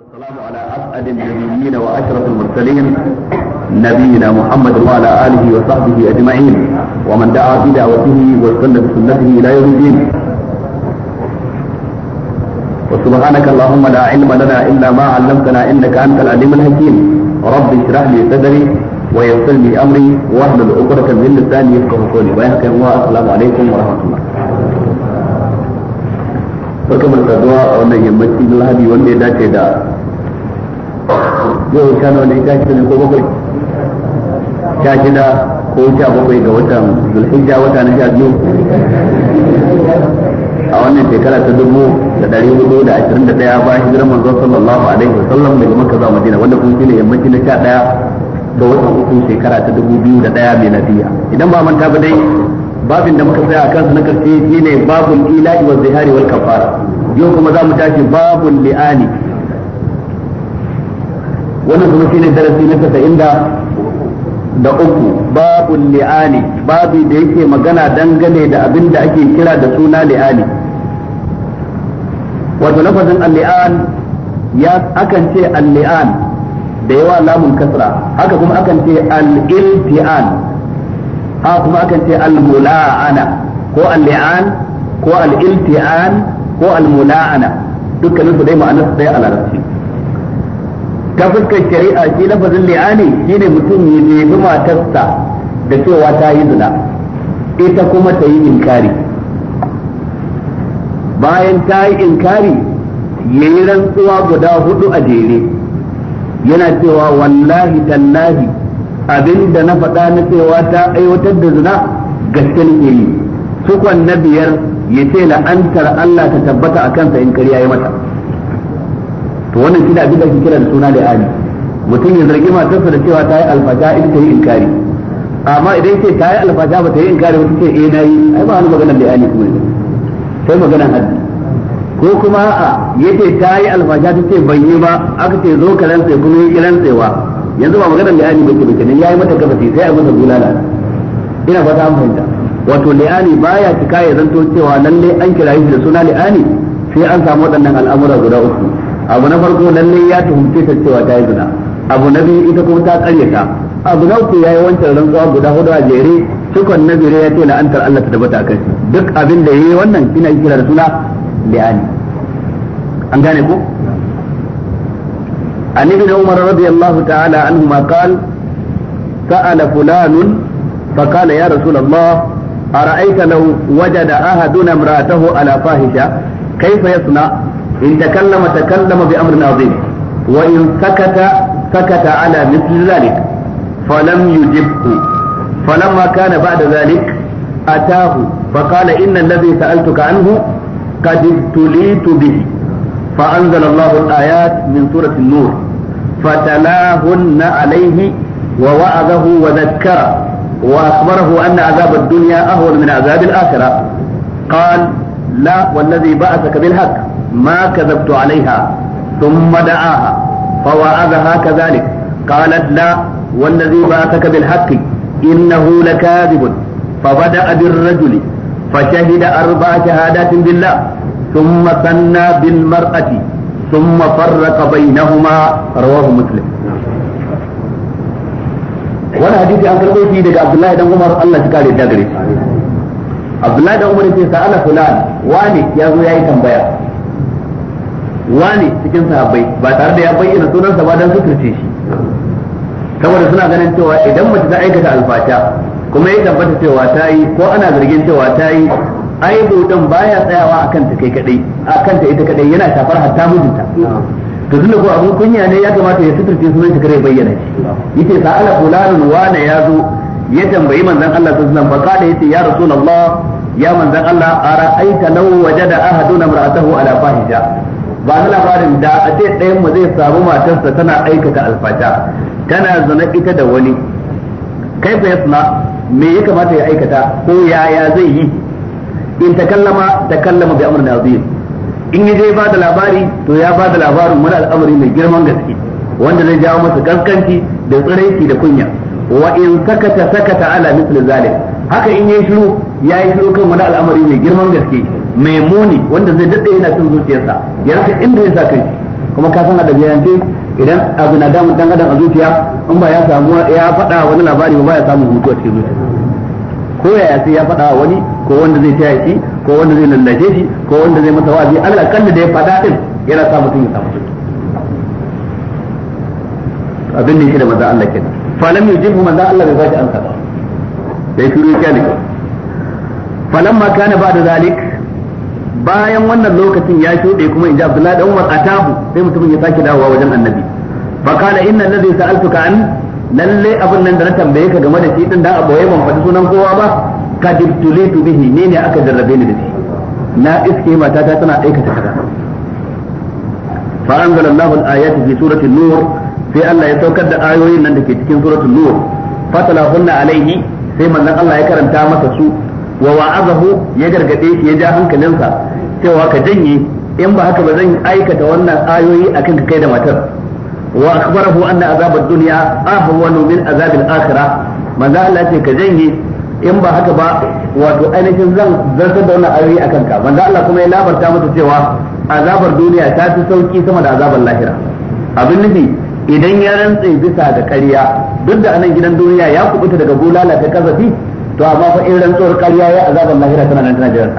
والسلام على أسعد النبيين وأشرف المرسلين نبينا محمد وعلى آله وصحبه أجمعين ومن دعا بدعوته وسن بسنته إلى يوم الدين وسبحانك اللهم لا علم لنا إلا ما علمتنا إنك أنت العليم الحكيم رب اشرح لي صدري ويسر لي أمري واحلل عقدة من لساني يفقه قولي ويحكم الله السلام عليكم ورحمة الله farko mai zuwa a wannan yammaci na lahadi wanda ya dace da yau sha nawa ne sha shida ne ko bakwai sha shida ko sha bakwai ga watan zulhijja wata na sha biyu a wannan shekara ta dubu da dari hudu da ashirin da ɗaya bayan hijirar manzo sallallahu alaihi wasallam daga makka zuwa madina wanda kuma shine yammaci na sha ɗaya ga watan uku shekara ta dubu biyu da ɗaya mai lafiya idan ba manta ba dai babin da muka tsaya a kansa na karshe shine babul ila'i wa zihari wal kafara yau kuma za mu tashi babul li'ani wannan kuma shine darasi na kasa da da uku babul li'ani babi da yake magana dangane da abin da ake kira da suna li'ani wato lafazin al-li'an ya akan ce al-li'an da yawa lamun kasra haka kuma akan ce al-ilti'an a kuma akan ce al-mula'ana ko al-li'an ko al-ilti'an ko al-mula'ana dukkanin su dai ma'anar su dai a larabci ta fuskar shari'a shi lafazin li'ani shine mutum ya jefi matarsa da cewa ta yi zina ita kuma ta yi inkari bayan ta yi inkari ya rantsuwa guda hudu a jere yana cewa wallahi tallahi abin da na faɗa na cewa ta aiwatar da zina gaske ke yi sukon na biyar ya ce la'antar Allah ta tabbata a kansa in kariya ya mata to wannan shi da abin da ake kira da suna da ali mutum ya zargi matarsa da cewa ta yi alfasha in ta yi inkari amma idan ce ta yi alfasha ba ta yi inkari wata ce eh na yi ai ba wani maganar da ali kuma sai maganar haddi ko kuma a yace ta yi alfasha ta ce ban yi ba aka ce zo ka rantse kuma yi rantsewa yanzu ba maganar li'ani ba ke ba kenan yayi mata kafafi sai a masa bulala ina fata an fahimta wato li'ani baya cika ya zanto cewa lalle an kira shi da suna li'ani sai an samu waɗannan al'amura guda uku abu na farko lalle ya tuhumce ta cewa ta yi zina abu na biyu ita kuma ta karyata abu na uku yayi wancan rantsuwa guda hudu a jere cikon na jere ya ce la'antar Allah ta tabbata kai duk abin da yi wannan ina kira da suna li'ani an gane ko عن ابن عمر رضي الله تعالى عنهما قال سأل فلان فقال يا رسول الله أرأيت لو وجد أحدنا امرأته على فاحشة كيف يصنع إن تكلم تكلم بأمر عظيم وإن سكت سكت على مثل ذلك فلم يجبه فلما كان بعد ذلك أتاه فقال إن الذي سألتك عنه قد ابتليت به فأنزل الله الآيات من سورة النور فتلاهن عليه ووعظه وذكره وأخبره أن عذاب الدنيا أهون من عذاب الآخرة قال لا والذي بعثك بالحق ما كذبت عليها ثم دعاها فوعظها كذلك قالت لا والذي بعثك بالحق إنه لكاذب فبدأ بالرجل فشهد أربع شهادات بالله ثم ثنى بالمرأة ثم فرق بينهما رواه مسلم وانا حديث عن كربو في دقاء عبد الله بن عمر الله تكاري الدقري عبد الله بن عمر سأل فلان واني يا زوياي تنبيا wani cikin sahabbai ba tare da ya bayyana sunansa ba don suturce shi saboda suna ganin cewa idan mace ta aikata alfata kuma ya tabbata cewa ta yi ko ana zargin cewa ta yi ai bautan baya tsayawa akan ta kai kadai akan ta ita kadai yana shafar hatta mijinta to tunda ko abun kunya ne ya kamata ya suturce sunan ta kare bayyana shi yace sa'ala fulanun wana yazo ya tambayi manzon Allah sallallahu alaihi wasallam fa kada yace ya rasulullah ya manzon Allah aita law wajada ahadun imra'atahu ala fahija ba na labarin da a ce ɗayan mu zai samu matarsa tana aikata alfata tana zina ita da wani kai fa yasna me ya kamata ya aikata ko yaya zai yi in takallama takallama bi amrin azim in yaje ba da labari to ya bada da labarin wani al'amari mai girman gaske wanda zai jawo masa gaskanci da tsiraici da kunya wa in sakata sakata ala misli zalim haka in yayi shiru yayi shiru kan wani al'amari mai girman gaske mai muni wanda zai dade yana cin zuciyarsa ya rasa inda ya sa kai kuma ka san yanzu idan abu na damun dan adam a zuciya in ba ya samu ya faɗa wani labari ba ya samu hutu a cikin zuciya ko ya sai ya faɗa wani ko wanda zai taya shi ko wanda zai lallace shi ko wanda zai masa wa'azi alal akalla da ya faɗa din yana sa mutum ya samu abin da yake da manzo Allah kenan falam yujibu manzo Allah bai bashi ansa ba sai shiru ya ne ma kana ba'da zalik bayan wannan lokacin ya shuɗe kuma inji Abdullahi dan Umar atabu sai mutumin ya sake dawowa wajen Annabi fa kana inna allazi sa'altuka an lalle abin nan da na tambaye ka game da shi din da aboye ban faɗi sunan kowa ba qad ibtulitu bihi ne ne aka jarrabe ni da shi na iske mata tana aikata kaza fa anzalallahu al-ayati fi surati an-nur sai Allah ya saukar da ayoyin nan da ke cikin suratul nur fatalahunna alaihi sai manzon Allah ya karanta masa su wa wa'azahu ya gargade shi ya ja hankalinsa cewa ka janye in ba haka ba zan aikata wannan ayoyi akan ka kai da matar wa akhbarahu anna azab duniya? dunya ahwanu min azab al-akhirah manzon Allah ya ka janye in ba haka ba wato ainihin zan zartar da wannan ayoyi a kanka manzo Allah kuma ya labarta mata cewa azabar duniya ta fi sauki sama da azabar lahira abin nufi idan ya rantse bisa da ƙarya duk da anan gidan duniya ya kubuta daga bulala ta kazafi to amma fa in rantsuwar ƙarya ya azabar lahira tana nan tana jiran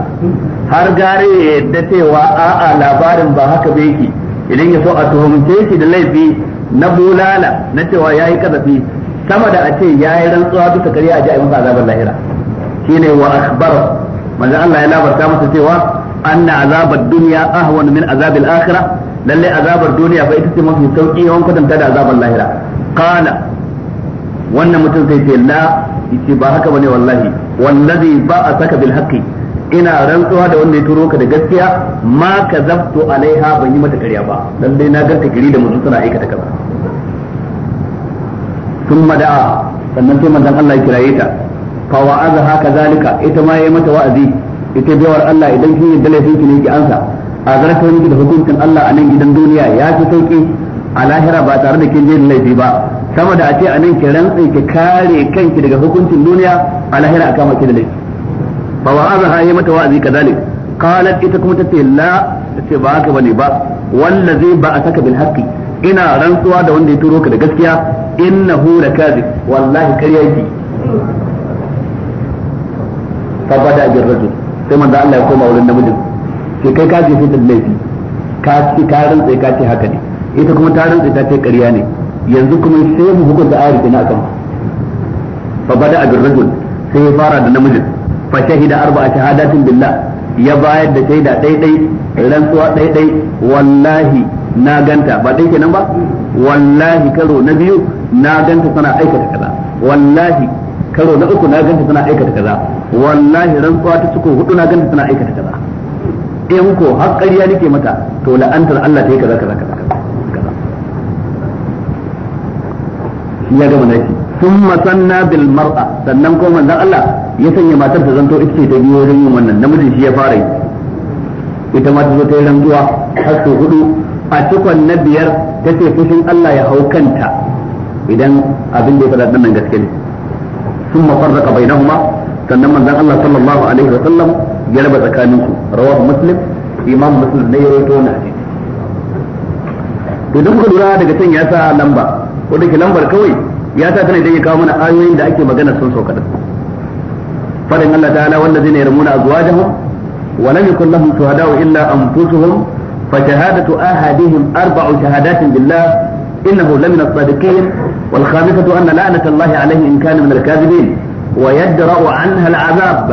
har gare ya yadda cewa a'a labarin ba haka ba yake idan ya so a tuhumce shi da laifi na bulala na cewa yayi kazafi sama da a ce ya yi rantsuwa duka karya a ji a masa azabar lahira shine wa akhbara manzo Allah ya labarta masa cewa anna azabar duniya ahwan min azabil akhirah lalle azabar duniya fa ita ce mafi sauki yawan kwatanta da azabar lahira qala wannan mutum sai ce la yace ba haka bane wallahi wallazi bil haqqi ina rantsuwa da wanda ya turo ka da gaskiya ma kazabtu alaiha ban yi mata karya ba lalle na ganta gari da mutum suna aikata kaza sun mada'a. sannan sai manzon Allah ya kiraye ta fa wa'aza haka zalika ita ma yayi mata wa'azi ita jawar Allah idan kin yi dalilin ki ne ki ansa a zarta miki da hukuncin Allah a nan gidan duniya ya ci sauki a lahira ba tare da kin je laifi ba sama da a ce a nan ki rantsa ki kare kanki daga hukuncin duniya a lahira a kama ki da laifi fa wa'aza ha yayi mata wa'azi kadalik qalat ita kuma tace la tace ba haka bane ba wallazi ba a saka bil haqqi ina rantsuwa da wanda ya turo ka da gaskiya innahu lakazib wallahi ƙarya yake fa bada ajin rajul sai manzo Allah ya koma wurin namijin sai kai ka jefe da laifi ka ci ka rantsa ka ce haka ne ita kuma ta rantsa ta ce kariya ne yanzu kuma sai mu hukunta ayyuka na akan fa bada ajin rajul sai ya fara da namijin fa shahida arba'a shahadatin billah ya bayar da shaida daidai rantsuwa daidai wallahi na ganta ba dai kenan ba wallahi karo na biyu na ganta tana aikata kaza wallahi karo na uku na ganta tana aikata kaza wallahi rantsuwa ta cikin hudu na ganta tana aikata kaza in ko har ƙarya nake mata to la'antar Allah ta yi kaza kaza kaza kaza ya gama na sun masanna bil mar'a sannan ko manzon Allah ya sanya matar ta zanto ita ce ta biyo wurin yin wannan namijin shi ya fara yi ita ma ta zo ta yi rantsuwa har hudu a cikon na biyar ta ce fushin Allah ya hau kanta idan abin da ya faɗa nan gaske ne sun mafarraka bainahuma sannan manzan Allah sallallahu alaihi wa sallam ya raba tsakanin su rawahu muslim imam muslim ne na rawaito wannan to duk lura daga can ya sa lamba ko da ke lambar kawai ya sa tana idan ya kawo mana ayoyin da ake magana sun sauka da fadin Allah ta'ala wallazina yarmuna azwajahum wa lam yakul lahum shuhada'u illa anfusuhum فشهادة أحدهم أربع شهادات بالله إنه لمن الصادقين والخامسة أن لعنة الله عليه إن كان من الكاذبين ويدرأ عنها العذاب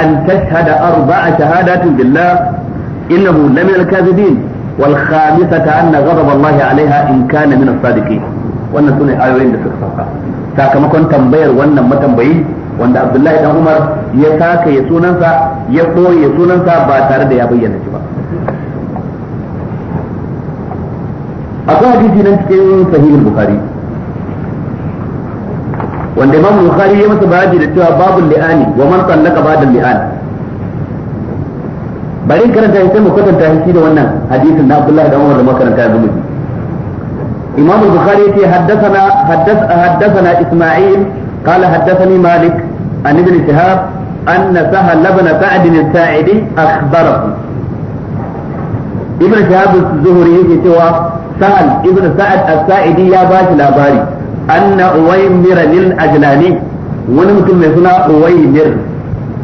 أن تشهد أربع شهادات بالله إنه لمن الكاذبين والخامسة أن غضب الله عليها إن كان من الصادقين wannan sune ayoyin da suka sauka sakamakon tambayar wannan matambayi wanda Abdullahi dan Umar ya saka ya sunansa ya koye sunansa ba tare da ya bayyana shi ba akwai hadisi nan cikin sahih bukhari wanda imam bukhari ya masa bayani da cewa babul li'ani wa man sallaka ba'da li'an bari karanta sai mu kwatanta shi da wannan hadisin na Abdullah da Umar da makaranta da mutum imam bukhari yace haddathana haddath haddathana isma'il qala haddathani malik an ibn shihab أن سهل بن سعد الساعدي أخبره ابن شهاب الزهري يتوى sa'al ibn sa'ad as-sa'idi ya bashi labari anna uwaymir lil ajlani wani mutum mai suna uwaymir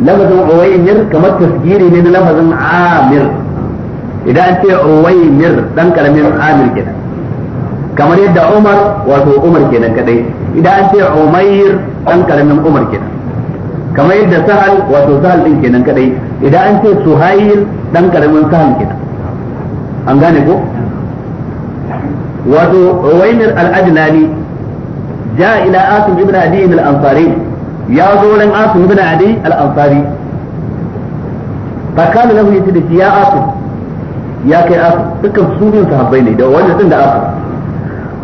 lafazin uwaymir kamar tasgiri ne na lafazin amir idan an ce uwaymir dan karamin amir kenan kamar yadda umar wato umar kenan kadai idan an ce umayr dan karamin umar kenan kamar yadda sahal wato sahal din kenan kadai idan an ce sahal an gane wato Uwaimir al-Ajlani ja ila Asim ibn Adi al-Ansari ya zo ran Asim ibn Adi al-Ansari fakala lahu yace da ya Asim ya kai Asim dukkan su biyun sahabbai ne da wanda din da Asim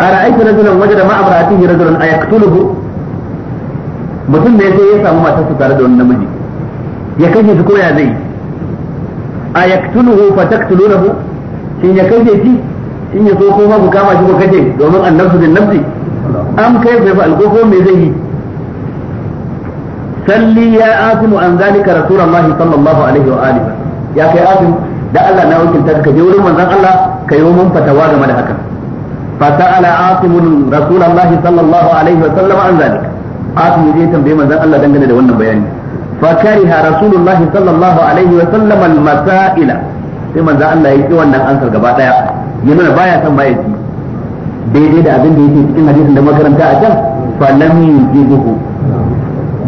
ara'aytu rajulan wajada ma'a imra'atihi rajulan ayaktuluhu mutum ne sai ya samu matarsa tare da wani namiji ya kashe shi ko ya zai A ayaktuluhu fa taqtulunahu shin ya kashe shi in ya so ko ma ku kama shi ku kace domin annabsu bin nafsi am kai bai fa alƙoko me zai yi salli ya asimu an zalika rasulullahi sallallahu alaihi wa alihi ya kai asim da Allah na wakilta ka je wurin manzon Allah ka mun fatawa game da haka fa sa'ala rasulullahi sallallahu alaihi wa sallam an zalika asim zai tambaye manzon Allah dangane da wannan bayani fa kariha rasulullahi sallallahu alaihi wa sallam al masaila sai manzon Allah ya ki wannan ansar gaba daya ya nuna baya son baya ci daidai da abin da yake cikin hadisin da makaranta a can falam yujibuhu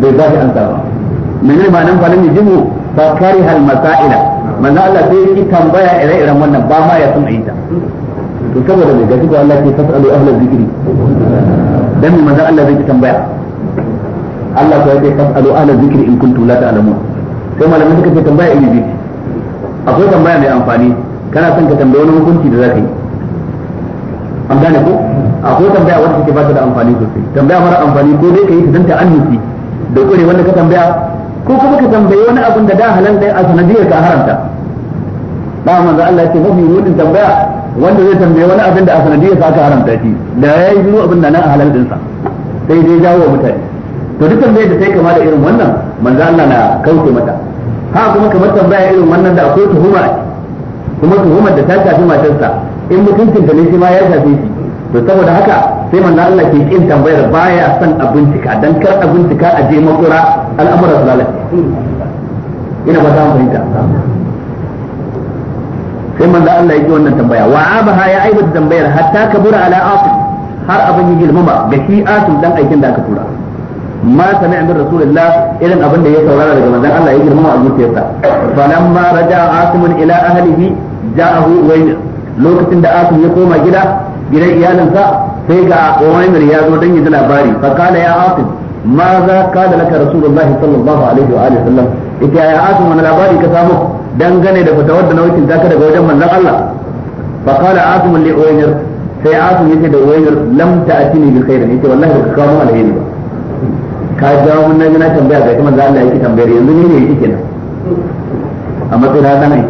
bai ba shi ansa ba menene ma'anar falam yujibuhu ba kare hal masaila manzo Allah sai yake tambaya ire-iren wannan ba ma ya son aita to saboda mai gaji ko Allah ke fasalu ahli zikri dan me manzo Allah zai tambaya Allah ko yake fasalu ahli zikri in kuntum la ta'lamun sai malamin suka ce tambaya ibi akwai tambaya mai amfani kana son ka tambaye wani hukunci da zaka yi an gane ko akwai tambaya wanda take ba ta da amfani sosai tambaya mara amfani ko dai ka yi ta dan da kure wanda ka tambaya ko kuma ka tambaye wani abin da da halan dai a sanadiyar ka haramta ba manzo Allah ce mafi rudin tambaya wanda zai tambaye wani abin da a sanadiyar sa aka haramta shi da yayi zuwa abin da na halal din sa sai dai jawo mutane to duk tambayar da sai kama da irin wannan manzo Allah na kauce mata ha kuma kamar tambaya irin wannan da akwai tuhuma kuma tuhumar da ta shafi matarsa in mutuncin da ne shi ma ya shafe shi to saboda haka sai manzo Allah ke kin tambayar baya son a bincika dan kar a bincika a je makura al'amuran su lalace ina ba za mu fahimta sai manzo Allah yake wannan tambaya wa abaha ya aibata tambayar hatta kabura ala asu, har abin yi girmama ga shi asif dan aikin da aka tura ma sami amin rasulullah irin abin da ya saurara daga manzon Allah ya girmama a zuciyarsa falamma raja asimun ila ahlihi ja'ahu uwaymir lokacin da asim ya koma gida gidan iyalinsa sai ga uwaymir ya zo dan yi labari fa kana ya asim ma za kana laka rasulullahi sallallahu alaihi wa alihi sallam ita ya asim wani labari ka samu dangane da fatawar da nawakin taka daga wajen manzon Allah fa kana asim li uwaymir sai asim yace da uwaymir lam ta'tini bi khairin yace wallahi baka kawo alheri ba ka jawo mun na tambaya ga kuma Allah yake tambayar yanzu ne ne yake kenan a matsayin haka ne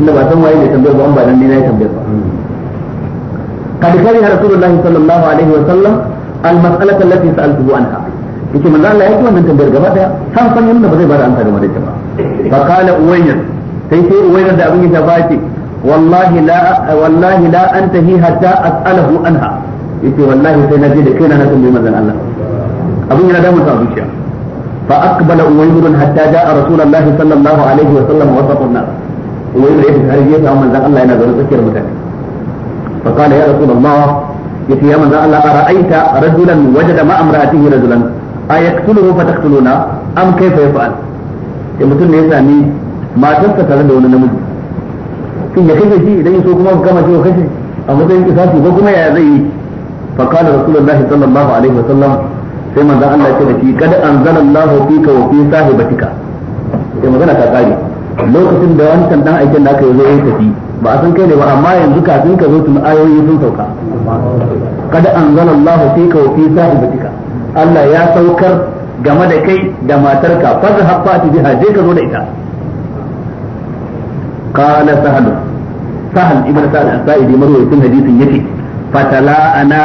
inda ba san waye ne tambayar ba an ba nan ne na tambayar ba قد كره رسول الله صلى الله عليه وسلم المسألة التي سألته عنها yake manzo Allah yake wannan tambayar gaba daya san san yanda ba zai bada amsa game da ita ba fa qala uwaynir sai sai uwaynir da abin ya shafa ce wallahi la wallahi la antahi hatta as'alahu anha yace wallahi sai na je da kaina na tambayi manzon Allah abin yana damun sa zuciya fa aqbala uwaynir hatta jaa rasulullahi sallallahu alaihi wa sallam wa saqanna wani da ya fita har ya samu manzon Allah yana zaune tsakiyar mutane fa kana ya rasulullah yace ya manzon Allah ara'aita rajulan wajada ma amra'atihi rajulan ayaktuluhu fataqtuluna am kaifa yaf'al sai mutum ya sami matarsa tare da wani namiji shin ya kashe shi idan ya so kuma ka kama shi ka kashe a matsayin kisasi ko kuma yaya zai yi fa kana rasulullah sallallahu alaihi wasallam sai manzon Allah ya ce shi kada fi ta kare lokacin da wancan dan aikin da aka yi zo ya tafi ba a san kai ne ba amma yanzu kafin ka zo tun ayoyi sun sauka kada ka fika wa fi sahibatika Allah ya saukar game da kai da matarka fadha ta biha je ka zo da ita qala sahal sahal ibn sa'd as-sa'idi sun hadisin yace fatala ana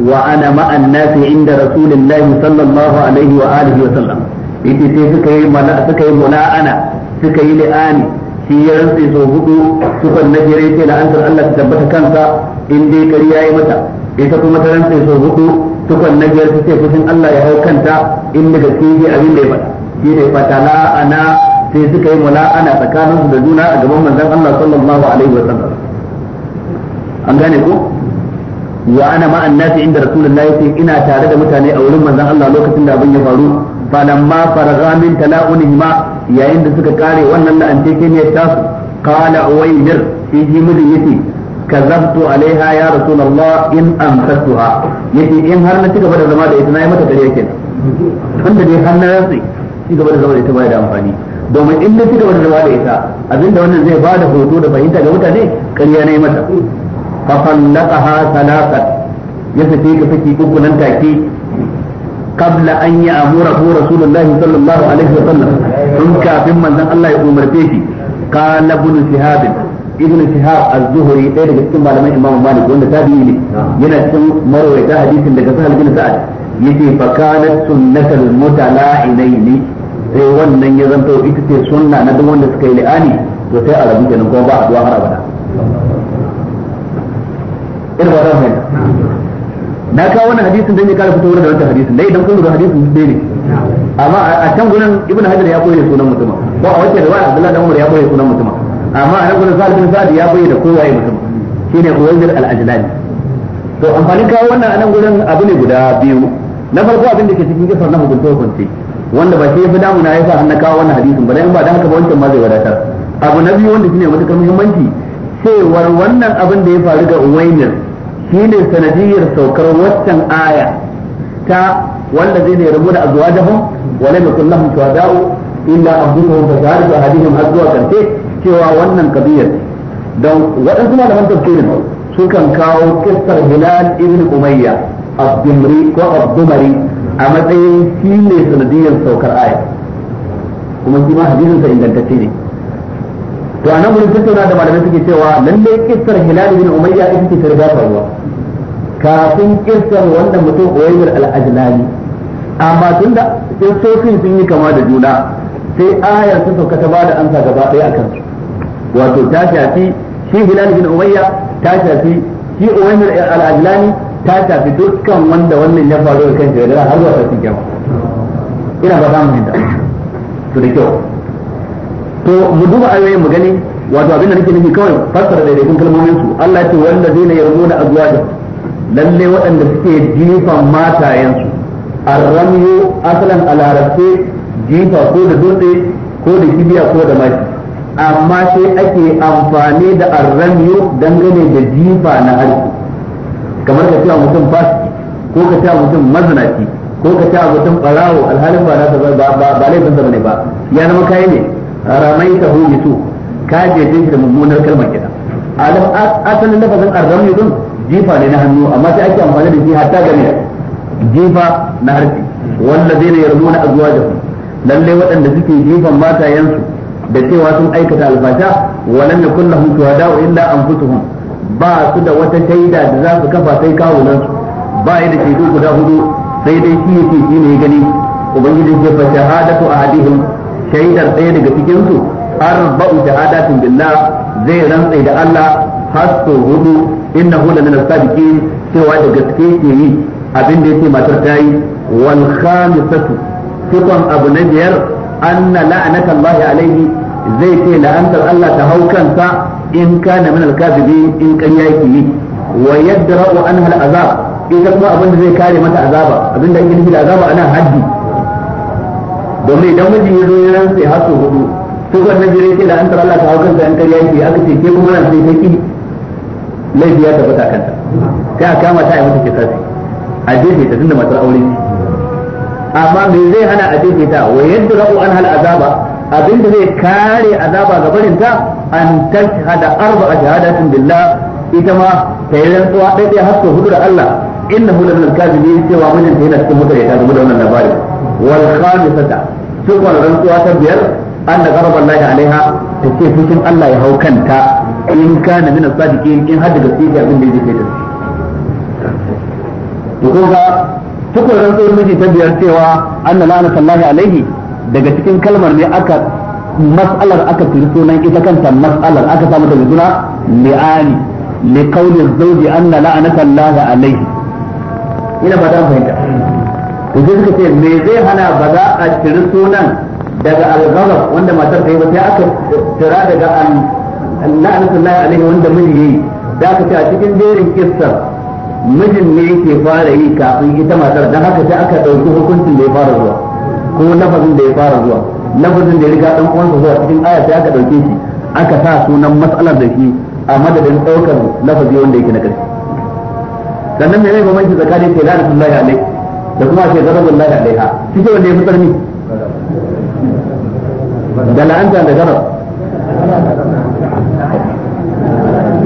wa ana ma'an nasi inda rasulillahi sallallahu alaihi wa alihi wa sallam yace sai suka yi mana suka yi mula'ana suka yi li'ani shi ya rantsi so hudu sukan na jere ce la'antar Allah ta tabbata kansa in dai kari yayi mata ita kuma ta rantsi so hudu sukan na jere ce kusan Allah ya hau kanta in daga cikin abin da ya fata shi ne fatala ana sai suka yi mula'ana tsakanin su da juna a gaban manzon Allah sallallahu alaihi wa sallam an gane ko wa ana ma'an nasi inda rasulullahi sai ina tare da mutane a wurin manzon Allah lokacin da abin ya faru falamma faragha min tala'unihima yayin da suka kare wannan la'ance ke ne tasu qala uwaymir fi jimrin yace kazabtu alaiha ya rasulullah in amsatuha yace in har na cigaba da zama da ita nayi mata kariya kenan tunda dai har na rantsi cigaba da zama da ita bai da amfani domin in na cigaba da zama da ita abinda wannan zai ba da hoto da fahimta ga mutane kariya nayi mata fa fallaqaha salaqat ya sake ka saki uku nan take قبل أن يأمره رسول الله صلى الله عليه وسلم ثم كافٍ من ذن الله يؤمر فيه قال ابن شهاب ابن شهاب الزهري ɗaya daga cikin malaman Imam Malik wanda tabi'i ne yana cikin marwayata hadisin daga Sahal bin Sa'ad yace fa kanat sunnatul ne sai wannan ya zanto ita ce sunna na duk wanda suka yi li'ani to sai a rabu kenan kuma ba a duwa har abada ba ta na kawo wannan hadisin dan ya kare fito da wannan hadisin dai idan kun lura hadisin dai ne amma a can gurin ibnu hajar ya koyi sunan mutuma ko a wace riwaya abdullahi dan umar ya koyi sunan mutuma amma a nan gurin sa'ad bin sa'ad ya koyi da kowa ya mutum shine uwaizir al-ajlani to amfanin kawo wannan a nan gurin abu ne guda biyu na farko abin da ke cikin kisar na hukunta hukunci wanda ba shi ya fi damuna ya sa an na kawo wannan hadisin ba dan ba da haka ba wancan ma zai wadatar abu na biyu wanda shine matukar muhimmanci cewar wannan abin da ya faru ga uwainir shine sanadiyar saukar waccan aya ta wanda zai ne rabu da azwajahum mai lam yakul a shuhada'u illa anfusuhum fa shahadatu ahadihim azwa kante cewa wannan kabiyar don waɗansu malaman tafsirin kan kawo kissar Hilal ibn Umayya Abdumri ko Abdumari a matsayin shi ne sanadiyar saukar aya kuma shi ma hadisin sa ingantacce ne to a nan gurin tattauna da malamai suke cewa lalle kissar Hilal ibn Umayya ita ce ta riga faruwa kafin kirkar wanda mutum uwaibir al-ajlani amma da kirkokin sun yi kama da juna sai ayar ta sauka ta bada amsa gaba ɗaya a kan wato ta shafi shi hilal bin umayya ta shafi shi uwaibir al ta shafi dukkan wanda wannan ya faru da kan shi da har zuwa sassin kyau ina ba samun hinta to da kyau to mu duba ayoyin mu gani wato abin da nake nufi kawai fassara daidaitun kalmomin su Allah ya ce wanda zai na ne da azwajin lalle waɗanda suke jifan matayensu arramyu asalan a larabce jifa ko da dutse ko da kibiya ko da maki amma sai ake amfani da arramiyo dangane da jifa na harshe kamar ka cewa mutum fasiki ko ka cewa mutum mazinaci ko ka cewa mutum barawo alhalin ba na ba ba laifin zama ne ba ya zama kai ne ramaita hu yusu ka je da mummunar kalmar alam asalin lafazin arramiyo din jifa ne na hannu amma sai ake amfani da shi hatta ga ne jifa na harfi wallazi ne yarmuna azwajahum lalle waɗanda suke jifan matayensu da cewa sun aikata albasha walan yakun lahum shuhada'u illa anfusuhum ba su da wata shaida da za su kafa sai kawunan su ba yi da shaidu guda hudu sai dai shi yake shi ne gani ubangiji ke fa shahadatu ahadihim shaidar ɗaya daga cikin su arba'u shahadatin billah zai rantsa da Allah hasso hudu inna hula min as-sadiqin cewa da gaske ke yi abin da yake matar ta yi wal khamisatu sifan abu na biyar anna la'anata Allah alaihi zai ce la'antar Allah ta hau kansa in kana min al-kadhibin in ƙarya yake yi wa yadra'u anha al-azab ita kuma abin da zai kare mata azaba abin da ake nufi da azaba ana haddi domin idan miji ya zo ya rantsa ya hasso hudu to wannan jire ce la'antar Allah ta hau kansa in ƙarya yake aka ce ke kuma ran sai ta ki laifi ya tabbata kanta sai a kama ta a mata kisasi a jefe ta tunda matar aure amma me zai hana a jefe ta wa yadda ra'u an hal azaba abinda zai kare azaba ga barinta an tashhada arba'a shahadatin billah ita ma ta yi rantsuwa ɗaiɗaya har sau hudu da Allah innahu la min al-kazibi cewa mijinta yana cikin mutane ta game da wannan labari wal khamisata tukun rantsuwa ta biyar an anna ghadaba Allah alaiha ta ce fushin Allah ya hau kanta in kana min as-sadiqin in har daga ga abin da yake da to ko ga ran rantsuwar miji ta biyar cewa anna sallahi alaihi daga cikin kalmar ne aka mas'alar aka turi sunan ita kanta mas'alar aka samu da suna li'ani li qawli zawji anna sallahi alaihi ina ba ta fahimta to sai suka ce me zai hana ba za a tiri sunan daga al wanda matar ta yi ba sai aka tira daga al la'anatullahi alaihi wanda miji yi da aka ce a cikin jerin kissar mijin ne yake fara yi kafin ita matar dan haka sai aka dauki hukuncin da ya fara zuwa ko lafazin da ya fara zuwa lafazin da ya riga dan uwansa zuwa cikin aya sai aka dauke shi aka sa sunan mas'alar da shi a madadin daukar lafazi wanda yake na karshe sannan me ne bambanci tsakanin sai la'anatullahi alaihi da kuma sai garabullahi alaiha shi ce wanda ya fi ni? da la'anta da garab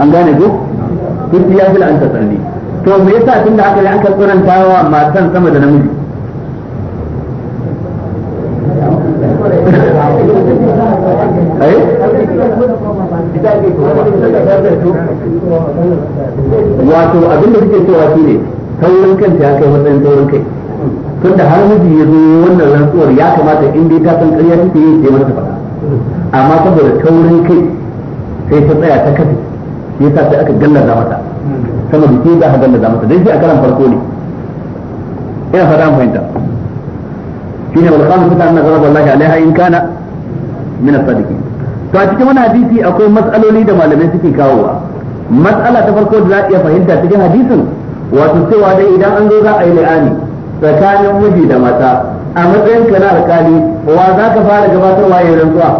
an gane ko duk ya fi la'anta tsarni to me yasa tun da aka yi aka tsananta wa matan sama da namiji eh? wato abin da kuke cewa shi ne taurin kan ta kai matsayin taurin kai tun da har miji ya zo wannan rantsuwar ya kamata in dai ta san ƙarya take yi sai mata faɗa amma saboda taurin kai sai ta tsaya ta kafin shi yasa sai aka gallaza mata sama da ke za a gallaza mata dan shi a karan farko ne ina fata an fahimta shi ne walƙamu suka anna zarar wallahi alaiha in kana min as-sadiqi to a cikin wani hadisi akwai matsaloli da malamai suke kawowa matsala ta farko da za a iya fahimta cikin hadisin wato cewa dai idan an zo za a yi la'ani tsakanin miji da mata a matsayin ka na alkali wa za ka fara gabatarwa ya rantsuwa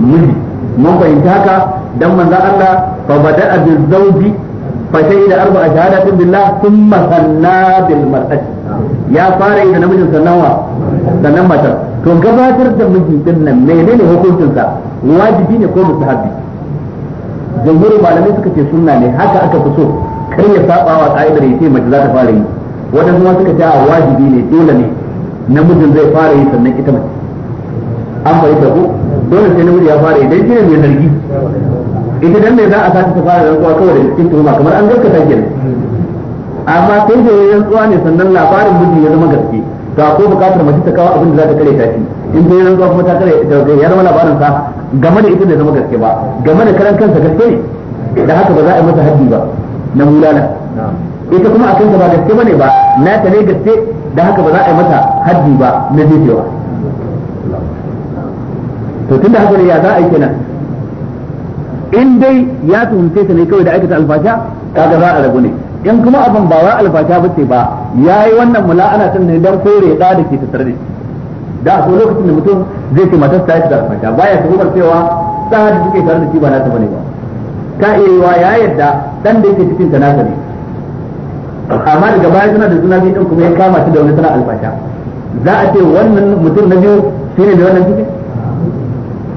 miji mun fahimta haka dan manzon Allah فبدأ بالزوج فشهد أربع شهادات بالله ثم صلى بالمرأة يا فارع إذا نمج سنوى sannan matar to gabatar da miji din nan menene hukuncinsa wajibi ne ko mustahabi jamhurin malamai suka ce sunna ne haka aka fi so kar ya saba wa yace mace za ta fara yi wadansu ma suka ce a wajibi ne dole ne namijin zai fara yi sannan ita an dole sai ya fara yi dan ne mai ita dan ne za a saka ta fara rantsuwa kawai da cikin turma kamar an gaskata kenan amma sai da yayin rantsuwa ne sannan labarin mutum ya zama gaske a ko bukatar mace ta kawo abin da za ta kare ta shi in ta rantsuwa kuma ta kare da ya zama labarin sa game da ita da zama gaske ba game da karan kansa gaske ne da haka ba za a yi masa haddi ba na mulana ita kuma akan ta ba gaske bane ba na ta ne gaske da haka ba za a yi masa haddi ba na jefewa to tunda haka ne ya za a yi kenan in dai ya tuhumce ta ne kawai da aikata alfasha kaga za a rabu ne in kuma abin ba wa alfasha bace ba ya yi wannan mula'ana tun ne don kore da da ke tattare da da a lokacin da mutum zai ce matar ta yi da alfasha ya tuhumar cewa da da suke tare da shi ba nasa bane ba ka iya wa ya yadda dan da yake cikin ta nasa ne amma daga baya suna da suna biyu kuma ya kama shi da wani suna alfasha za a ce wannan mutum na biyu shine da wannan cikin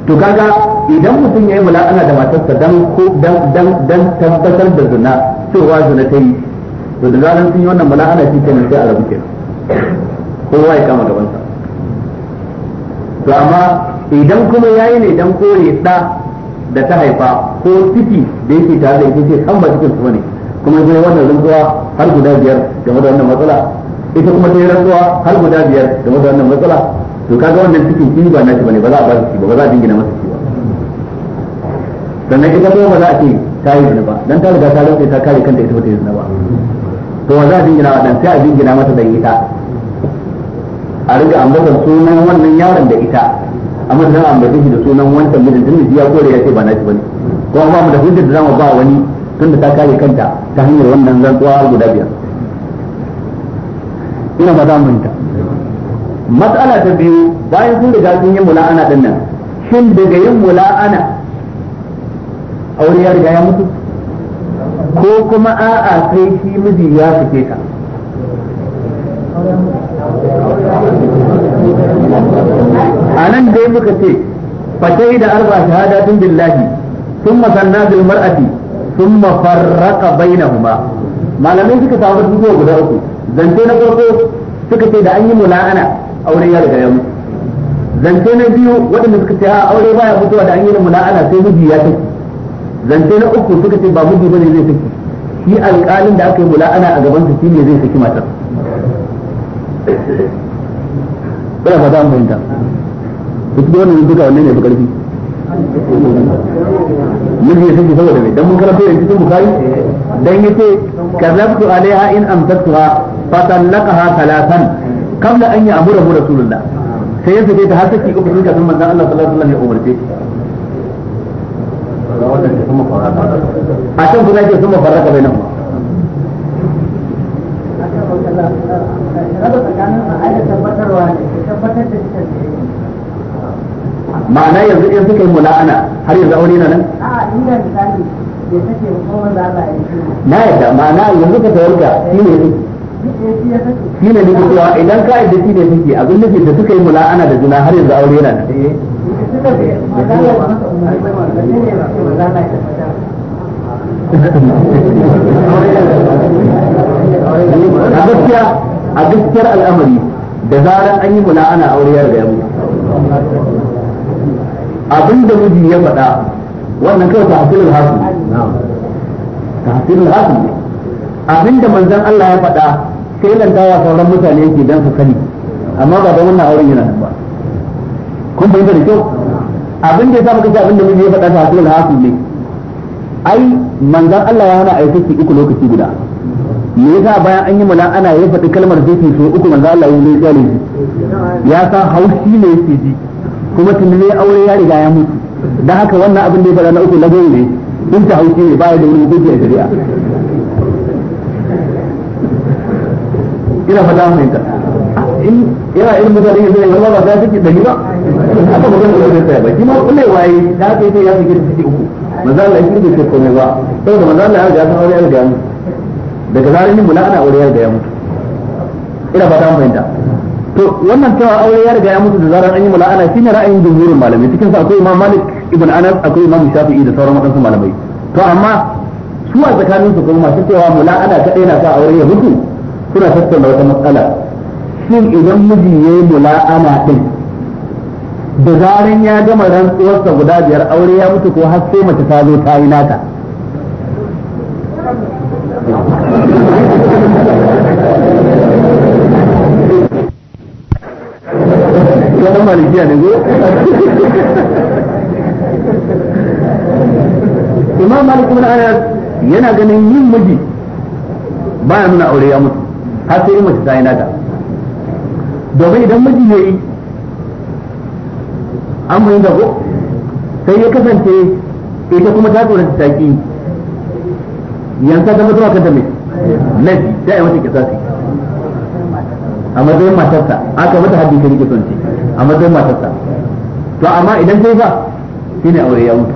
to kaga idan mutum ya yi mula'ana da matarsa dan ko dan dan dan tabbatar da zina cewa zina ta yi to da zaran sun yi wannan mula'ana shi kenan sai a rabu kenan kowa ya kama gabansa to amma idan kuma ya yi ne dan kore da da ta haifa ko ciki da yake tare da ita ce san ba cikin su ne kuma zai wannan rantsuwa har guda biyar game da wannan matsala ita kuma ta yi rantsuwa har guda biyar game da wannan matsala to kaga wannan cikin kin ba shi bane ba za a ba shi ba za a dingina masa shi. sannan ita kuma ba za a ce ta yi zina ba dan ta riga ta rufe ta kare kanta ita ba ta yi zina ba to wa za a jingina wa dan sai a jingina mata da ita a riga ambatan sunan wannan yaron da ita amma dan ambatan shi da sunan wancan mijin tun da ya kore ya ce ba nashi bane ko ba mu da hujjar da zamu ba wani tun da ta kare kanta ta hanyar wannan har guda biyar ina ba za mu yi ta matsala ta biyu bayan sun riga sun yi mula'ana din nan shin daga yin mula'ana aure ya riga ya mutu ko kuma a'a sai shi miji ya fice ka a nan dai muka ce fatai da arba shahadatun billahi sun masanna bil mar'ati sun mafarraka bainahuma malamai suka samu zuwa guda uku zance na farko suka ce da an yi mula'ana aure ya riga ya mutu zance na biyu waɗanda suka ce a aure baya mutuwa da an yi mula'ana sai miji ya tafi zance na uku suka ce ba miji bane zai saki shi alƙalin da aka yi mula'ana a gaban su ne zai saki matar ina fata an fahimta duk da wannan duka wannan ne fi karfi miji ya saki saboda me dan mun karanta yanzu cikin bukari dan yace kazabtu alaiha in amsaktuha fa talaqaha thalathan qabla an yi ya'mura rasulullah sai ya sake ta har saki uku sun kafin manzon Allah sallallahu alaihi wasallam ya umarce a can kuma yake sun mafarraka bai nan ba ma'ana yanzu in suka mula'ana har yanzu aure na nan na yadda ma'ana yanzu ka tawarka shi ne ne shi ne ne cewa idan ka yadda shi ne suke abin nufin da suka yi mula'ana da juna har yanzu aure na nan eh. a gaskiya a gaskiyar al'amari da zarar an yi mula'ana aure ya riga ya mutu abin da miji ya faɗa wannan kawai tahsilul hasu tahsilul hasu abin da manzon Allah ya faɗa sai lantawa sauran mutane yake dan su sani amma ba da wannan auren yana ba kun fahimta da kyau abin da ya samu kace abin da mun yi faɗa ta hasul hasul ne ai manzan Allah ya hana a yi saki uku lokaci guda me yasa bayan an yi mula'ana ya faɗi kalmar zai so uku manzan Allah ya yi tsare shi ya sa haushi ne yake ji kuma tunne aure ya riga ya mutu dan haka wannan abin da ya faɗa na uku na goyi ne in ta haushi ne baya da wani hukunci a shari'a ina fata fahimta in yana irin mutane ne zai yi ba ba ta take dari ba aka ba zai zai tsaya ba shi ma kulle waye da aka yi sai ya fi girki ciki uku manzo Allah shi bai ce komai ba saboda manzo Allah ya riga san aure ya riga mu daga zarar yin mula ana aure ya riga ya mutu ina ba ta fahimta to wannan cewa aure ya riga ya mutu da zarar an yi mula ana shine ra'ayin jumhurin malamai cikin sa akwai Imam Malik ibn Anas akwai Imam Shafi'i da sauran waɗansu malamai to amma su a tsakanin su kuma masu cewa mula ana kadai na sa aure ya mutu suna tattauna wata matsala shin idan miji yayi mula'ana din da zaran ya gama rantsuwarsa guda biyar aure ya mutu ko har sai mace ta zo ta yi nata Yawan malikiya ne Imam Malik bin Anas yana ganin yin miji ba ya nuna aure ya mutu har sai mace ta yi nata. Domin idan miji ya yi an mun da ko sai ya kasance ita kuma ta tsoron ta ki yanka ta mutuwa kanta mai nafi ta yi wata kisasi a matsayin matarsa aka mata haddi ta rike ce a matsayin matarsa to amma idan sai ba shi ne aure ya mutu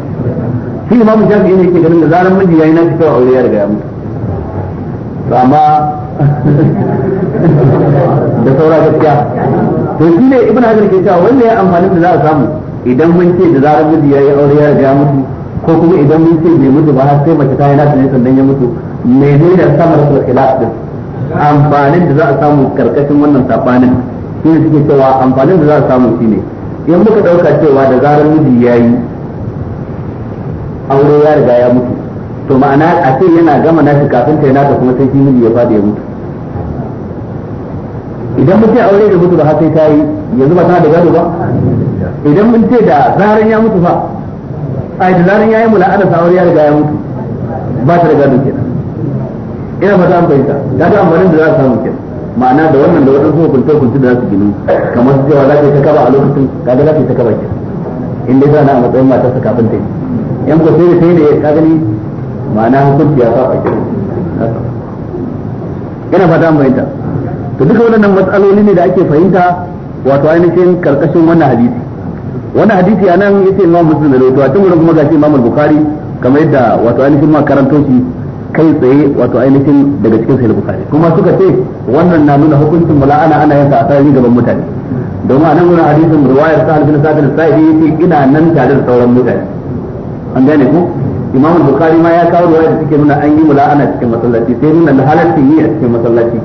shi imamu shafi'i ne ke ganin da zaran miji yi nasu kawai aure ya riga ya mutu to amma da saura gaskiya to shi ne ibn hajar ke cewa wanda ya amfani da za a samu idan mun ce da zarar miji ya yi aure ya riga ya mutu ko kuma idan mun ce bai mutu ba har sai mace ta yi nasu ne sannan ya mutu menene samar da khilaf din amfanin da za a samu karkashin wannan sabanin shi ne suke cewa amfanin da za a samu ne in muka dauka cewa da zarar miji ya yi aure ya riga ya mutu to ma'ana a ce yana gama nashi kafin ta yana ta kuma sai shi ya fada ya mutu idan mun ce aure da mutu ba har sai ta yi yanzu ba tana da gado ba idan mun ce da zaran ya mutu fa ai da zaran ya yi mula'ana sa aure ya riga ya mutu ba ta da gado kenan ina fata an fahimta kaga amfanin da za su samu kenan ma'ana da wannan da wadansu hukuntar kunci da za su ginu kamar su cewa za ka yi ta kaba a lokacin da za ka yi ta kaba kenan inda za na a matsayin matarsa kafin ta yi yan kwasai da ta yi da ya ka gani ma'ana hukunci ya saba kira ina fata an fahimta to duka wannan matsaloli ne da ake fahimta wato ainihin karkashin wannan hadisi wannan hadisi a nan yace imam muslim da rawaito a cikin wurin kuma gashi imam bukhari kamar yadda wato ainihin ma karanto shi kai tsaye wato ainihin daga cikin sahih bukhari kuma suka ce wannan na nuna hukuncin mula'ana ana yin sa a sarari gaban mutane domin a nan wurin hadisin riwayar sa'ad bin sa'id al-sa'idi yake ina nan tare da sauran mutane an gane ku imam bukhari ma ya kawo ruwaya da take nuna an yi mula'ana cikin masallaci sai nuna halaccin yi a cikin masallaci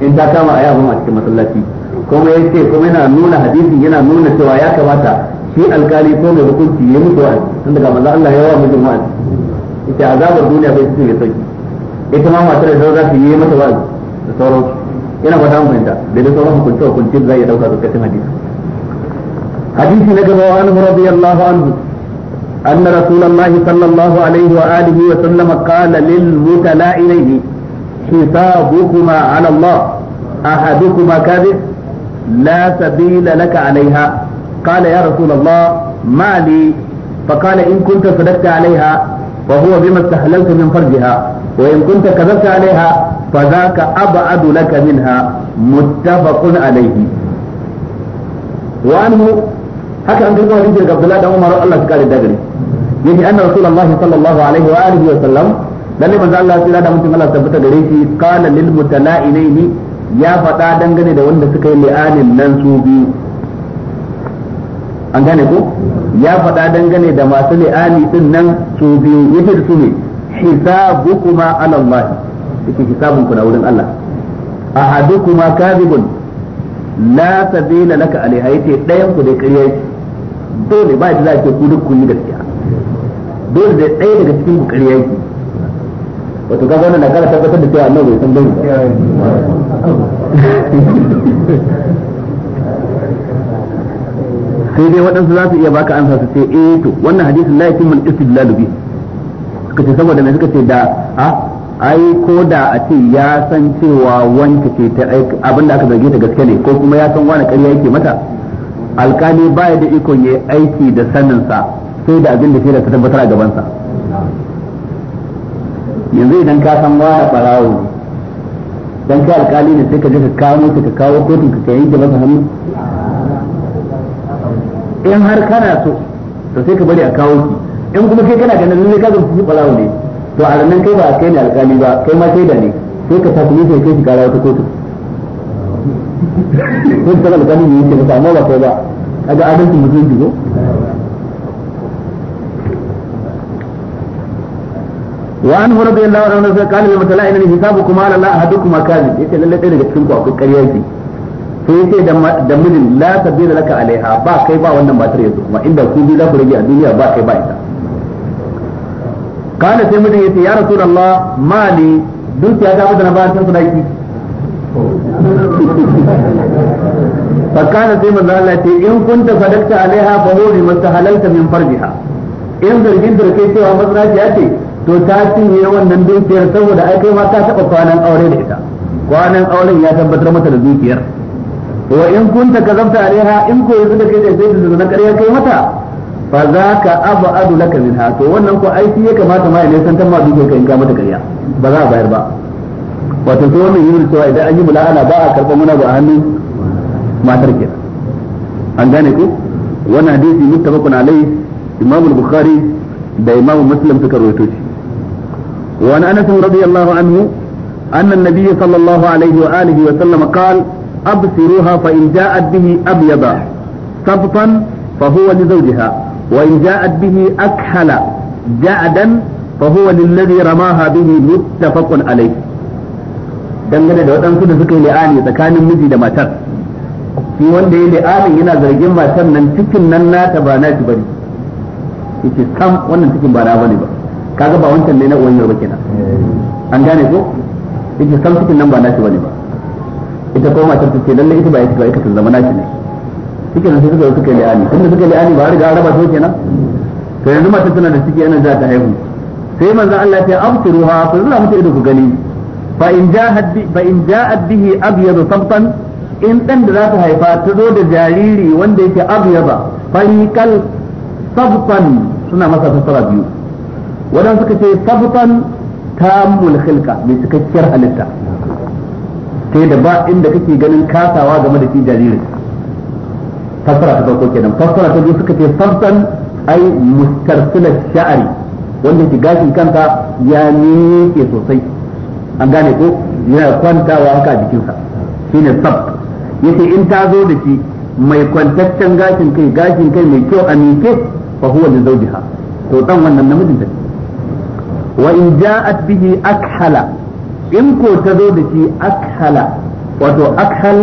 in ta kama a yawon a cikin masallaci kuma ya ce kuma yana nuna hadisi yana nuna cewa ya kamata shi alkali ko mai hukunci ya mutu wa'azi tun daga manzo Allah ya wa mutum wa'azi ita azabar duniya bai cikin ya sauki ita ma matar da za su yi mata wa'azi da sauran yana fata mun fahimta da da sauran hukunce hukunce za ya dauka dukkan hadisi hadisi na gaba wa anhu radiyallahu anhu أن رسول الله صلى الله عليه وآله وسلم قال للمتلا إليه حسابكما على الله أحدكما كاذب لا سبيل لك عليها قال يا رسول الله ما لي فقال إن كنت صدقت عليها وهو بما استحللت من فرجها وإن كنت كذبت عليها فذاك أبعد لك منها متفق عليه وعنه haka an karɓo hadisi daga Abdullahi dan Umar Allah ya kare ya gare yace anna rasulullahi sallallahu alaihi wa alihi wa sallam lalle manzo Allah ya da mutum Allah tabbata gare shi qala lil mutala'inaini ya faɗa dangane da wanda suka yi li'anin nan su biyu an gane ko ya faɗa dangane da masu li'ani din nan su biyu yake da su ne hisabukuma ala Allah yake hisabun ku na wurin Allah ahadukuma kadhibun la sabila laka alaiha yace dayan ku da ƙarya yake dole ba yadda za a ce ku duk kuyi gaskiya dole da ɗaya daga cikin ku ƙarya yake wato ga wannan na kara tabbatar da cewa Allah bai san gani sai dai waɗansu za su iya baka ansa su ce eh to wannan hadisin la yakun istidlalu bi suka ce saboda me suka ce da ha ai ko da a ce ya san cewa wanka ce ta abin da aka zarge ta gaske ne ko kuma ya san wani ƙarya yake mata alkali baya da ikon yayi aiki da saninsa sai da abin da da ta tabbatar a gabansa yanzu idan ka san wani barawo dan ka alkali ne sai ka je ka kawo ka kawo kotun ka yanke masa hannu in har kana so to sai ka bari a kawo ki in kuma kai kana ganin lalle ka zama barawo ne to a ranar kai ba a kai ne alkali ba kai ma shaida ne sai ka tafi ne sai kai shi gara ta kotun ko ta da gani ne yake ba amma ba kai ba kaga adalci mutum digo وعنه رضي الله عنه قال للمتلا ان حسابكم على الله احدكم كاذب yace lalle ɗaya daga cikin ku akwai ƙarya ce to yace da mijin la da laka alaiha ba kai ba wannan matar yanzu kuma inda ku bi za ku rage a duniya ba kai ba ita kana sai mijin yace ya rasulullah mali dukiya ta mutana ba da yake فكان sai manzo Allah in kunta sadakta alaiha fa huri mastahalalta min in zargin da kai cewa ce to ta cinye wannan dukiyar saboda ai kai ma ta taba kwanan aure da ita kwanan auren ya tabbatar mata da dukiyar wa in kunta kazabta alaiha in ko yanzu da kai da sai da na karya kai mata fa za ka abadu laka minha to wannan ko aiki ya kamata ma ya san ma dukiyar ka in ka mata ƙarya ba za a bayar ba wato sai wannan yin cewa idan an yi mula'ana ba a karɓar muna ba a hannun matar ke an gane ku wannan hadisi muttafaqun alai imam al-bukhari da imam muslim suka rawaito shi wa an anas radiyallahu anhu anna an-nabiy sallallahu alaihi wa alihi wa sallam qala absiruha fa in ja'at bihi abyada sabtan fa huwa li zawjiha wa in ja'at bihi akhala ja'dan fa huwa lilladhi ramaha bihi muttafaqun alaihi dangane da waɗansu da suka yi li'ani tsakanin miji da matar shi wanda ya yi li'anin yana zargin matar nan cikin nan nata ba na shi bane yace sam wannan cikin ba na bane ba kaga ba wancan ne na uwan yarba kenan an gane ko yace sam cikin nan ba na shi bane ba ita ko matar ta ce lalle ita ba ita ba ita ta zama na shi ne cikin nan sai suka suka yi tun da suka yi li'ani ba riga an raba su kenan to yanzu matar tana da ciki yana za ta haihu sai manzo Allah ya ce abtiruha ku zura mutu ido ku gani فإن جاءت فإن جاءت به أبيض صبطا إن دن ذات هيفا تزود جاريري وند أبيض فريقل صبطا سنة مسا biyu, بيو suka ce صبطا تام الخلقة suka سكا halitta sai da ba inda kake ganin kasawa game da shi jaririn fassara ta farko kenan fassara ta suka ce sabtan ai mustarsila sha'ari wanda ke gashin kanta ya miƙe sosai an gane ko yana kwantawa haka a jikinsa shine sab ce in ta zo da shi mai kwantaccen gashin kai gashin kai mai kyau a mike fa huwa li ha to dan wannan namijin ta wa in ja'at bihi akhala in ko ta zo da shi akhala wato akhal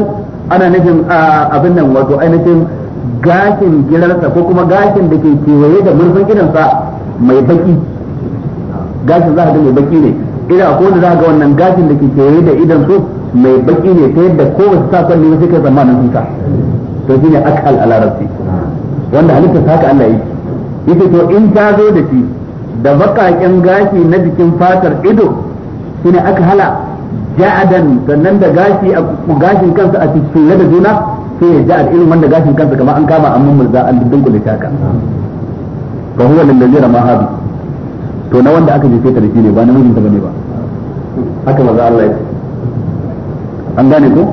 ana nufin abin nan wato ainihin gashin girarsa ko kuma gashin da ke kewaye da murfin idansa mai baki gashin za a ga mai baki ne idan akwai wanda za ga wannan gashin da ke kewaye da idan su mai baki ne ta yadda kowace sa kan ne sai kai zamanin sun sa to shine akal a larabci wanda halittar haka Allah yi yake to in ta zo da shi da bakaken gashi na jikin fatar ido shine aka hala ja'adan sannan da gashi a gashin kansa a cikin da juna sai ya ja'ad irin wanda gashin kansa kamar an kama an mummurza an dunkule shaka fa huwa lillazi rama habi to na wanda aka jefe ta da shi ne ba na mijinta bane ba haka maza Allah ya an gane ko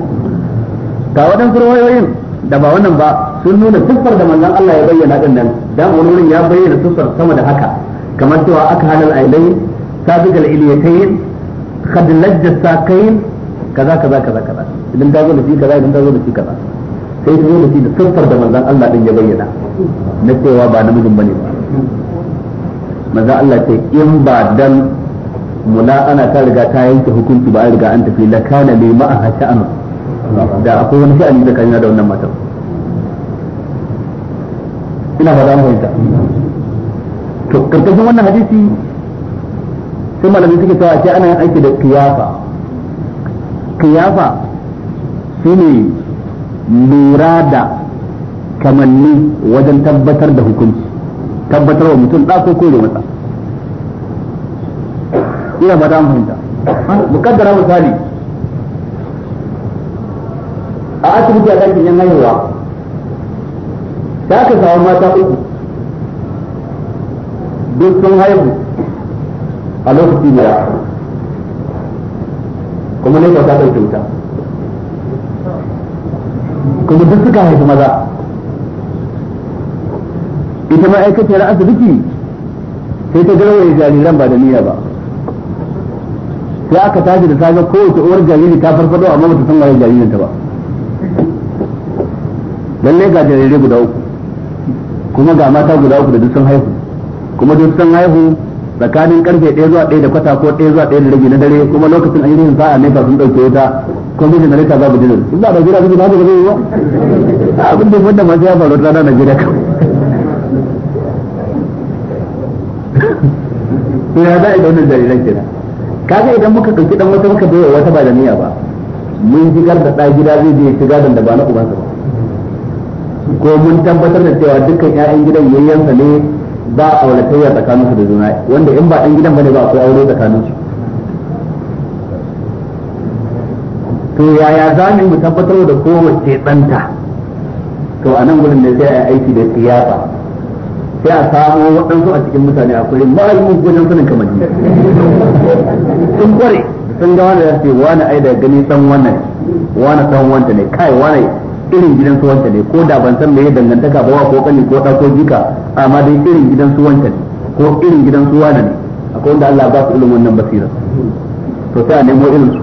ga waɗansu rawayoyin da ba wannan ba sun nuna siffar da manzon Allah ya bayyana din nan dan wani wurin ya bayyana siffar sama da haka kamar cewa aka halal ailai sabiqal iliyatayn qad lajja saqayn kaza kaza kaza kaza idan ta zo da shi kaza idan ta zo da shi kaza sai ta zo da shi da siffar da manzon Allah din ya bayyana na cewa ba namijin bane ba maza Allah ce in ba dan mula ana ta riga ta yanke hukunci ba an riga an tafi la kana li a sha'an da akwai wani sha'ani da kanina da wannan matan. ina za mu fahimta to karkashin wannan hadisi sai malamai suke cewa sai ana yin aiki da kiyafa kiyafa shine lura da kamanni wajen tabbatar da hukunci tabbatar wa mutum da ko kore masa ina ba mu fahimta mukaddara misali a asibiti a ɗakin yan haihuwa ta aka samu mata uku duk sun haihu a lokaci da kuma ne ta ta wuta kuma duk suka haifi maza ita ma na asibiti sai ta garwaye jariran ba da niyya ba sai aka tashi da safe kowace uwar jariri ta farfado amma bata san waye jaririn ta ba lalle ga jarirai guda uku kuma ga mata guda uku da duk sun haihu kuma duk sun haihu tsakanin karfe ɗaya zuwa ɗaya da kwata ko ɗaya zuwa ɗaya da rage na dare kuma lokacin an yi sa'a ne kafin ɗauke wuta ko mijin da rika babu dinin in ba da jira mijin babu da zai yi ba abin da wanda ma sai ya faru rana na jira kawai to ya za'a a wannan jariran kenan kaga idan muka ɗauki dan wata muka bayar wata ba da niyya ba mun shigar da ɗa gida zai je shiga da ba na ubansa ba ko mun tabbatar da cewa dukkan ƴaƴan gidan yayyansa ne ba auratayya tsakanin su da juna wanda in ba ɗan gidan bane ba akwai aure tsakanin su to yaya za mu tabbatar da kowace ɗanta to a nan gurin da sai a aiki da siyasa sai a samo waɗansu a cikin mutane akwai malamin wajen sanin kamar ji sun kware sun ga wani da ce wani ai da gani san wannan wani san wanta ne kai wani irin gidan su wanta ne ko da ban san mai dangantaka ba wa ko kani ko da ko jika amma dai irin gidan su wanta ne ko irin gidan su wani ne akwai wanda Allah ba su ilimin wannan basira to sai a nemo irin su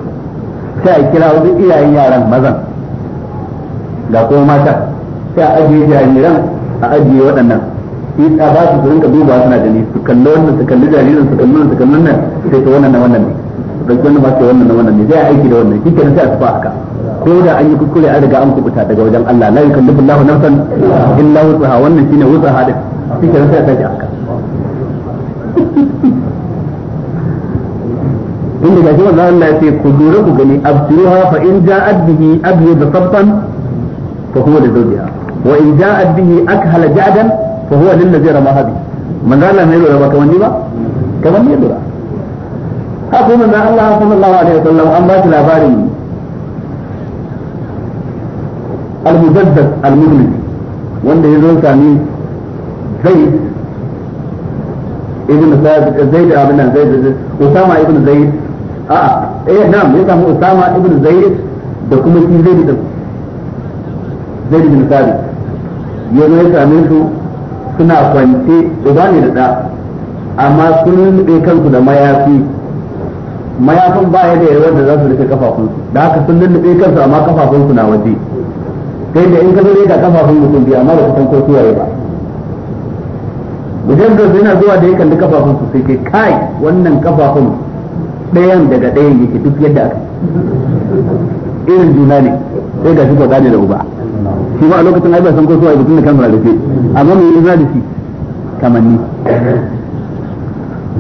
sai a kira wasu iyayen yaran mazan ga kuma mata sai a ajiye jariran a ajiye waɗannan shi yasa ba su rinka duba su kalli wannan su kalli jaririn su kalli wannan su kalli wannan su wannan na wannan ne dauki su wannan na wannan ne da wannan shi kenan sai a tafi ko da an yi kuskure an riga an kubuta daga wajen Allah la nafsan wannan shine shi kenan sai a tafi aka tun wannan Allah ya ce ku lura ku gani abtiruha fa in ja'at bihi abyad sabban fa huwa da zawjiha wa in bihi ja'dan fa huwa lil ladzi rama hadi manzo Allah ne lura ba kaman ni ba kaman ni lura haka manzo Allah sallallahu alaihi wasallam an ba shi labarin al-mujaddad al-mudlij wanda ya zo sami zaid ibn zaid abin nan zaid usama ibn zaid a'a na eh, na'am ya samu usama ibn da kuma shi ya ya same su suna kwance ba ne da ɗa amma sun lullube kansu da mayafi mayafin baya da yawar da za su rufe kafafunsu da haka sun lullube kansu amma su na waje kai da in ka zo ga kafafun mutum biya amma ba ku san ko suwaye ba mutum da yana zuwa da ya kalli kafafunsu sai ke kai wannan kafafun ɗayan daga ɗayan yake duk yadda aka irin juna ne sai ga shi ba gane da uba shi ma a lokacin ai ba san ko suwaye mutum da kamar rufe amma mai izina da shi kamanni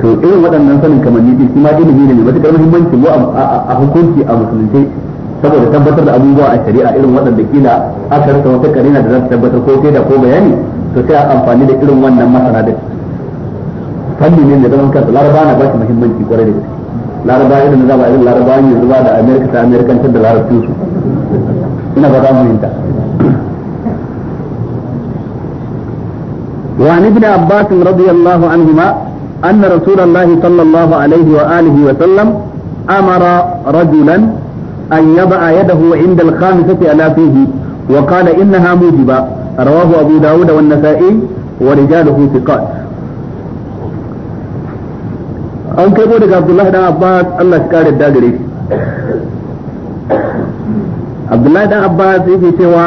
to irin waɗannan sanin kamanni din shi ma ilimi ne matukar muhimmanci mu a hukunci a musulunci saboda tabbatar da abubuwa a shari'a irin waɗanda kila aka rasa wata karina da za ta tabbatar ko sai da ko bayani to sai a amfani da irin wannan masana da fanni ne da zaman kansa laraba na ba shi muhimmanci kwarai da gaske laraba irin da zama irin laraba ne zuba da amerika ta amerikan da tusu. ina ba za وعن ابن عباس رضي الله عنهما أن رسول الله صلى الله عليه وآله وسلم أمر رجلا أن يضع يده عند الخامسة على فيه وقال إنها موجبة رواه أبو داود والنسائي ورجاله ثقات أن كيبو عبد الله بن عباس الله سكار الداغري abdullahi dan abbas yake cewa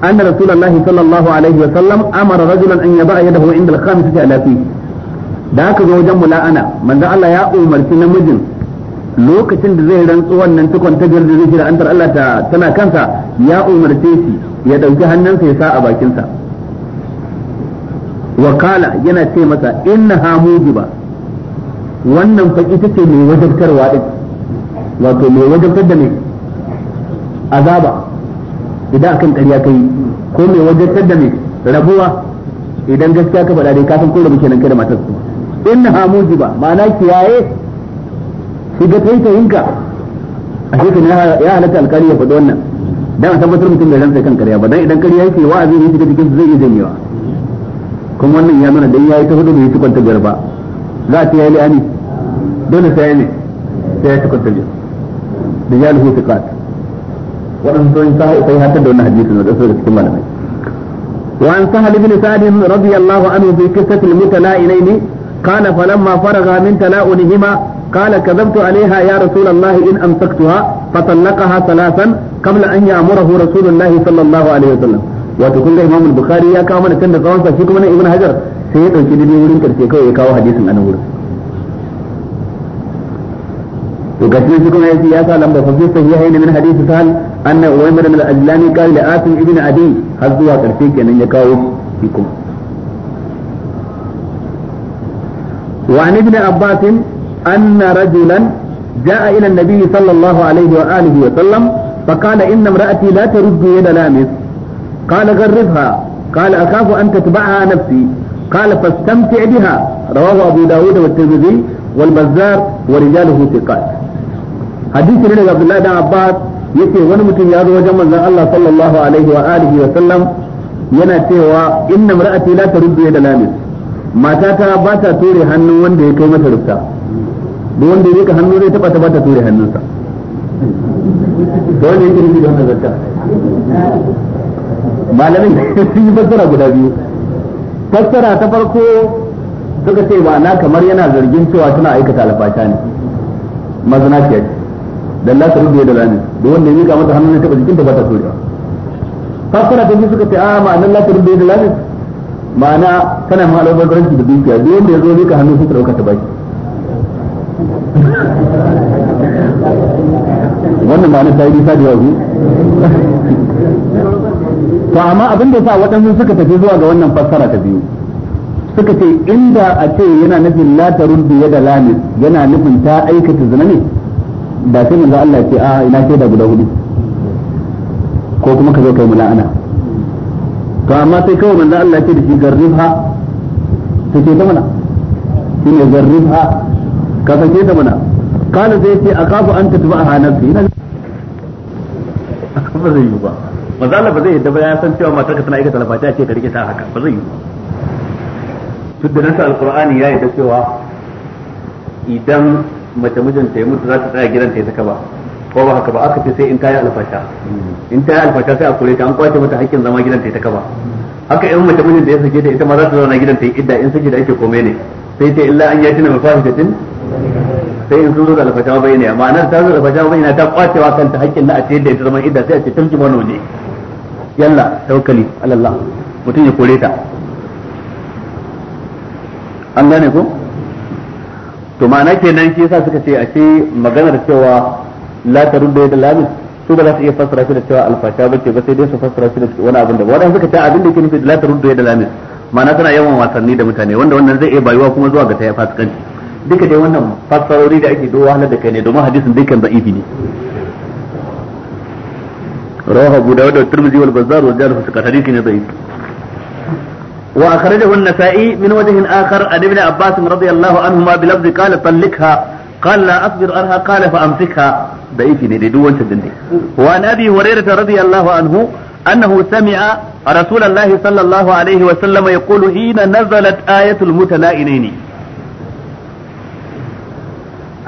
أن رسول الله صلى الله عليه وسلم أمر رجلا أن يضع يده عند الخامسة آلاف da aka zo wajen mula'ana manzo Allah ya umarci namijin lokacin da zai rantsu wannan tukon ta jirgin da antar Allah ta tana kansa ya umarce shi ya dauki hannunsa ya sa a bakinsa wakala yana ce masa inna ha mujiba wannan fa ita ce mai wajabtarwa din wato azaba idan akan ƙarya kai ko mai wajen da mai rabuwa idan gaskiya ka faɗa dai ka san ko kenan kai da matar su in ha mujiba ma'ana kiyaye shiga yinka a shekin ya halatta alkali ya faɗi wannan dan a tabbatar mutum bai rantsa kan ƙarya ba dan idan ƙarya yake azumi shi ga cikin zai iya janyewa kuma wannan ya nuna dan yayi ta hudu bai ci tukunta biyar ba za a ce yayi li'ani dole sai ne sai ya ci biyar da ya lahu waɗansu sun sa sai hatar da wannan hadisin da su cikin malamai وعن سهل بن سعد رضي الله عنه في قصة المتلائنين قال فلما فرغ من تلاؤنهما قال كذبت عليها يا رسول الله إن أمسكتها فطلقها ثلاثا قبل أن يأمره رسول الله صلى الله عليه وسلم وتقول إمام البخاري يا كامل كان تصوان فيكم ابن هجر sai ya ɗauki daidai wurin karshe kawai ya kawo hadisin a nan wurin وكثير فيكم هذه السياسة لما فصلت في هنا من حديث سهل أن أويمر من الأجلاني قال لآسم ابن عدي هل زوا كرفيك أن يكاو فيكم وعن ابن عباس أن رجلا جاء إلى النبي صلى الله عليه وآله وسلم فقال إن امرأتي لا ترد يد لامس قال غربها قال أخاف أن تتبعها نفسي قال فاستمتع بها رواه أبو داود والترمذي والبزار ورجاله ثقات hadisi ne daga Abdullahi dan Abbas yake wani mutum ya zo wajen manzon Allah sallallahu alaihi wa alihi wa sallam yana cewa inna mar'ati la taruddu yada lamin matata ba ta ture hannun wanda ya kai mata rufta duk wanda ya ka hannu zai taba ta ba ta ture hannunsa to wanda yake nufi da wannan zakka malamin sun yi fassara guda biyu fassara ta farko suka ce na kamar yana zargin cewa tana aikata alfasha ne mazinaciya ce dan la tarudu da lami da wanda ya mika mata hannu ne taba jikin ta ba ta soja kafara ta suka ce a ma'ana la tarudu da lami ma'ana kana ma albarkaranci da dukiya duk wanda ya zo mika hannu sai ta dauka ta baki wannan ma'ana ta yi nisa da yau to amma abin da sa waɗansu suka tafi zuwa ga wannan fassara ta biyu suka ce inda a ce yana nufin la taruddu da lamis yana nufin ta aikata zina ne ba sai manzo Allah ce a ah, ina shaida guda hudu ko kuma ka zo kai mula'ana to amma sai kawai manzo Allah ce da shi garribha ta ce ta mana shi ne garribha ka sake ta mana kana sai ce a akafu an tatba'aha nafsi ina ba zai yi ba manzo Allah ba zai yadda ba ya san cewa matar ka tana aikata lafata ce ka rike ta haka ba zai yi ba duk da nasa alqur'ani ya yadda cewa idan mace mijinta ya mutu za ta tsaya ta ya saka ba ko ba haka ba aka ce sai in tayi alfasha in tayi alfasha sai a kore ta an kwace mata haƙƙin zama gidan ta ya saka ba haka in mace mijinta ya sake ta ita ma za ta zauna gidan ta ya idda in sake da ake kome ne sai ta illa an ya yatina mafahidatin sai in sun zo da alfasha amma ma'anar ta zo da alfasha bayyana ta kwacewa kanta haƙƙin na a ce da ita zama idda sai a ce tarki mana waje yalla tawakkali alallah mutum ya kore ta an gane ko to ma'ana kenan shi yasa suka ce a ce maganar cewa la taruddu da lamin su ba za su iya fassara shi da cewa alfasha ba ce ba sai dai su fassara shi da wani abin da wadanda suka ce abin da yake nufi da la taruddu da lamin ma'ana tana yawan wasanni da mutane wanda wannan zai iya bayuwa kuma zuwa ga ta ya fasikanci duka dai wannan fassarori da ake dowa halar da kai ne domin hadisin dukkan da'ifi ne rawa abu dawud da tirmidhi wal bazzar wa jalahu fi hadisi ne da'ifi وأخرجه النسائي من وجه آخر عن ابن عباس رضي الله عنهما بلفظ قال طلقها قال لا أصبر عنها قال فأمسكها ضعيف ne dai duk wancan din ne wa an abi hurairah radiyallahu anhu annahu sami'a rasulullahi sallallahu alaihi wa sallam yaqulu hina nazalat ayatul mutala'inaini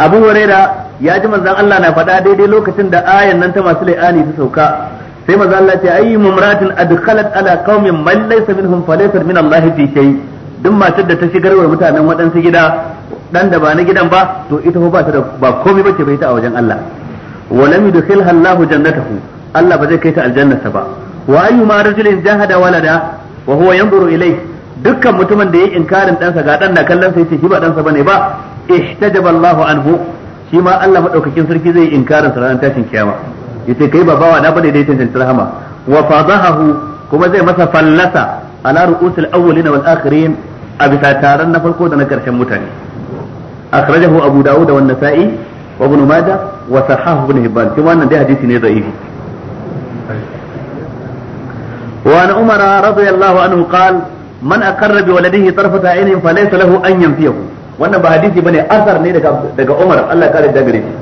abu hurairah ya ji manzan Allah na faɗa daidai lokacin da ayan nan ta masu la'ani ta sauka sai maza Allah ce ayi mumratin adkhalat ala qaumin man laysa minhum falaysa min Allah fi shay duk matar da ta shigar wa mutanen waɗansu gida dan da ba na gidan ba to ita ba ta da ba komai bace bai ta a wajen Allah wa lam yudkhilha Allah jannatahu Allah ba zai kai ta aljannata ba wa ayyuma rajulin jahada walada wa huwa yanzuru ilayhi dukkan mutumin da ya inkarin dansa ga ɗan na kallon sai ce shi ba ɗansa bane ba ihtajaba Allahu anhu shi ma Allah madaukakin sarki zai inkarin sa ranar tashin kiyama yace kai ba bawa na bane da ya rahama wa fadahu kuma zai masa fallasa ala ru'usil awwalin wal akhirin a bisa taron na farko da na karshen mutane akhrajahu abu daud wa an-nasa'i wa ibn majah wa sahahu ibn hibban kuma wannan dai hadisi ne da'ifi umara عمر رضي الله عنه قال من أقر بولده طرفة عين فليس له أن ينفيه wannan ba hadisi bane asar ne daga daga Umar Allah ya kare da gare shi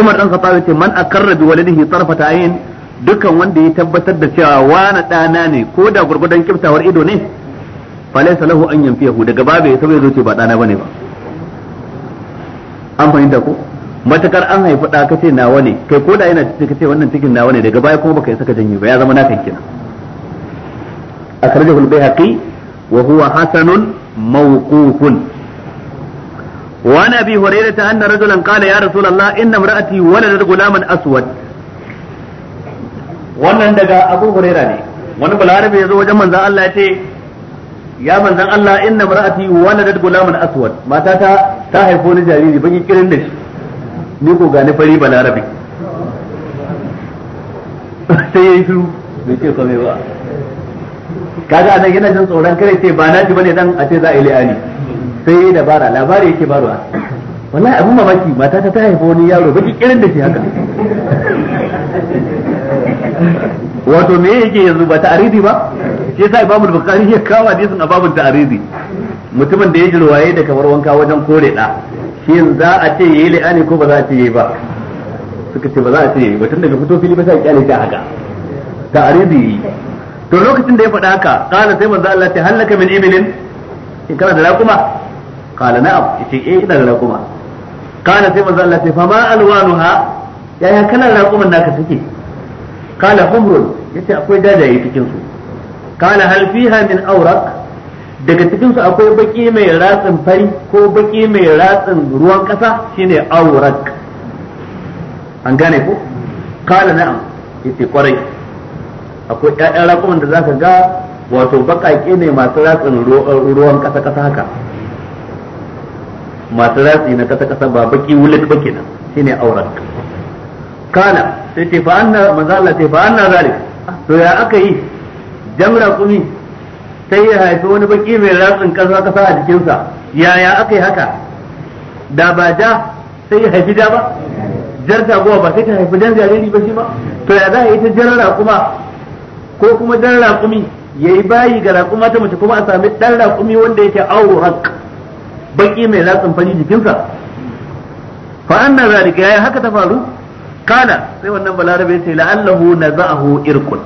Umar dan Khattab yace man akarra bi walidihi tarfata ayn dukan wanda ya tabbatar da cewa wani dana ne ko da gurgudan kiftawar ido ne falaysa lahu an yanfihu daga babu sai ya zo ce ba dana bane ba an fahimta ko matakar an haifi da kace nawa ne kai ko da yana cikin kace wannan cikin nawa ne daga baya kuma baka yi saka janyi ba ya zama naka kenan akhrajahu al-bayhaqi wa huwa hasanun mawqufun وعن ابي هريره ان رجلا قال يا رسول الله ان امراتي ولدت غلاما اسود wannan daga abu huraira ne wani balarabe ya zo wajen manzan Allah ya ce ya manzan Allah inna mar'ati waladat gulaman aswad mata ta ta haifo ni jariri ban yi kirin da shi ni ko gani fari balarabe sai yayi shiru bai ce komai ba kaga anan yana jin tsoron kare ce ba na ji bane dan a ce za a yi li'ani sai yayi dabara labari yake barwa wallahi abin mamaki mata ta ta haifa wani yaro baki kirin da shi haka wato me yake yanzu ba ta'aridi ba shi yasa Imam Bukhari ya kawo hadisin a babu ta'aridi mutumin da ya jirwaye da kamar wanka wajen kore da shi za a ce yayi la'ani ko ba za a ce yayi ba suka ce ba za a ce yayi ba tun daga fito fili ba sai kyale ta haka ta'aridi to lokacin da ya faɗa haka kana sai manzo Allah ta halaka min ibilin in kana da raquma قال na'am yace ايه ina raƙuma qala sai manzo Allah sai يا ma alwanuha yaya kalan raƙuman naka suke qala humrun yace akwai jajaye cikin su qala hal daga cikin su akwai baki mai ratsin fari ko baki mai ratsin ruwan kasa shine Aurak. an gane ko qala na'am yace kwarai akwai ƴaƴan raƙuman da zaka ga wato baƙaƙe ne masu ratsin ruwan ƙasa-ƙasa haka masu ratsi na kasa kasa ba baki wulik ba kenan shine auren kana sai ce fa anna manzo Allah ce fa anna zalik to ya aka yi jamra kuni sai ya haifi wani baki mai ratsin kasa kasa a jikinsa yaya aka yi haka da ba ja sai ya haifi da ba jar taguwa ba sai ta haifi jan jariri ba shi ba to ya za a yi ta jar raƙuma ko kuma dan raƙumi ya yi bayi ga raƙuma ta mace kuma a sami ɗan raƙumi wanda yake auro haƙƙ baki mai latsin fari jikinsa fa anna zalika yayi haka ta faru kana sai wannan balarabe ya ce la'allahu naza'ahu irqun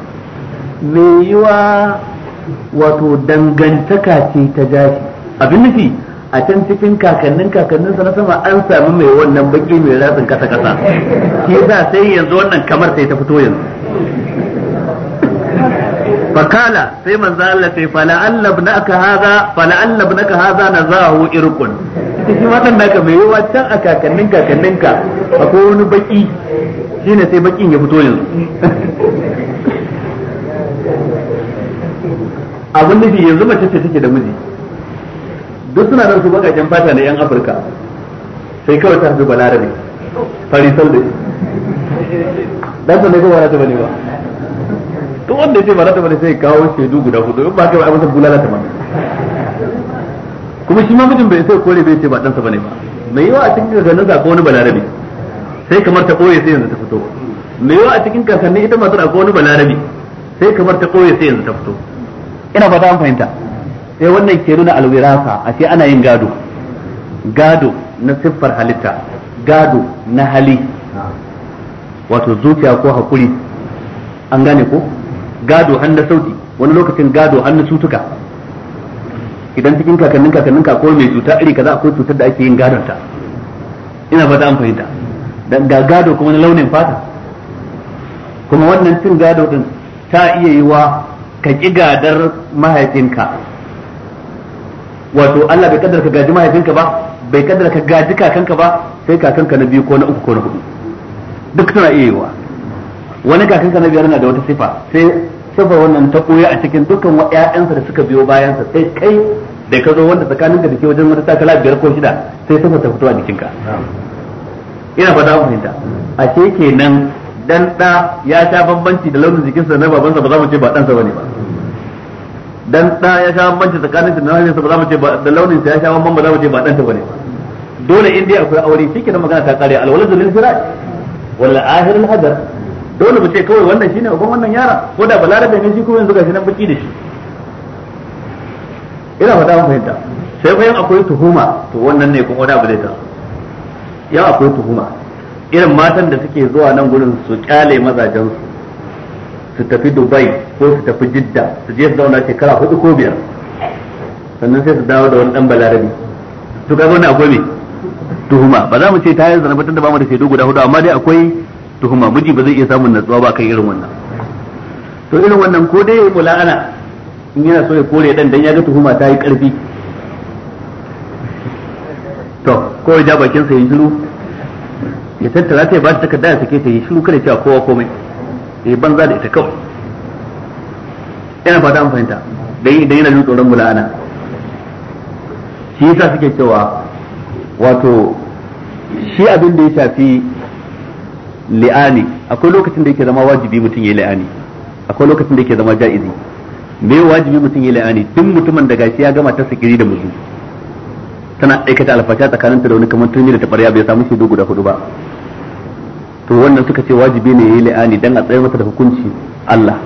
me yiwa wato dangantaka ce ta jashi abin nufi a can cikin kakannin kakanninsa na sama an sami mai wannan baki mai ratsin kasa kasa shi yasa sai yanzu wannan kamar sai ta fito yanzu fakala sai manzo Allah sai fala Allah ibnaka hadha fala Allah ibnaka hadha nazahu irqun cikin waɗanda ka mai yiwa can a kakannin kakanninka akwai wani baki shine sai bakin ya fito yanzu abin nufi yanzu mace ce take da miji duk suna nan su bakaken fata na yan Afirka sai kawai ta fi balarabe farisal dan ba ne ba ta bane ba duk wanda ya ce ba za ta bane sai kawo shaidu guda hudu in ba ka ba masa bulala ta ba. kuma shi ma mijin bai sai kore bai ce ba ɗansa bane ba mai yawa a cikin kakannin sa wani balarabi sai kamar ta ɓoye sai yanzu ta fito mai yawa a cikin kakannin ita matar akwai wani balarabi sai kamar ta ɓoye sai yanzu ta fito ina fata an fahimta sai eh, wannan ke nuna alwirasa a ce ana yin gado gado na siffar halitta gado na hali wato zuciya ko hakuri an gane ko gado har na sauti wani lokacin gado har na cutuka idan cikin kakannin kakannin ka ko mai cuta iri kaza akwai cutar da ake yin gadon ta ina fata an fahimta dan ga gado kuma na launin fata kuma wannan cin gado din ta iya yi wa ka ki gadar mahaifinka wato Allah bai kaddara ka gaji mahaifinka ba bai kaddara ka gaji kakanka ba sai kakanka na biyu ko na uku ko na hudu duk tana iya yiwa wani kakanka na biyar na da wata sifa sai sifar wannan ta koya a cikin dukkan ƴaƴansa da suka biyo bayansa sai kai da ka zo wanda tsakaninka da ke wajen wata takala biyar ko shida sai sifar ta fito a jikinka ina fata mu fahimta a ce kenan dan da ya sha bambanci da launin jikinsa na babansa ba za mu ce ba ɗansa bane ba dan da ya sha bambanci tsakaninsa da launinsa ba za mu ce ba da launin sa ya sha bambanci ba za mu ce ba ɗansa bane ba dole in dai akwai aure shi magana ta kare alwalad lil firaj wal ahir al hadar dole mu ce kawai wannan shine uban wannan yara ko da balarabe ne shi ko yanzu gashi nan baki da shi ina fata mun fahimta sai yan akwai tuhuma to wannan ne kuma wani abu zai taso ya akwai tuhuma irin matan da suke zuwa nan gurin su kyale mazajen su su tafi Dubai ko su tafi Jidda su je su zauna shekara hudu ko biyar sannan sai su dawo da wani dan balarabe to kaga wannan akwai me tuhuma ba za mu ce ta yi batun da ba mu da shaidu guda hudu amma dai akwai tuhuma miji ba zai iya samun natsuwa ba kan irin wannan to irin wannan ko dai mula'ana in yana so ya kore dan dan ya ga tuhuma ta yi karfi to ko ya ja bakin sa ya shiru ya tattara ta ba ta takarda ya sake ta ya shiru kada cewa kowa komai ya banza da ita kawai yana fata an fahimta dan idan yana jin tsoron mula'ana shi yasa suke cewa wato shi abin da ya shafi li'ani akwai lokacin da yake zama wajibi mutum ya yi li'ani akwai lokacin da yake zama ja'izi me wajibi mutum ya yi li'ani duk mutumin da gashi ya gama ta sikiri da muzu tana aikata alfasha tsakanin ta da wani kamar turmi da tabarya bai samu shaidu guda hudu ba to wannan suka ce wajibi ne ya yi li'ani dan a tsayar masa da hukunci Allah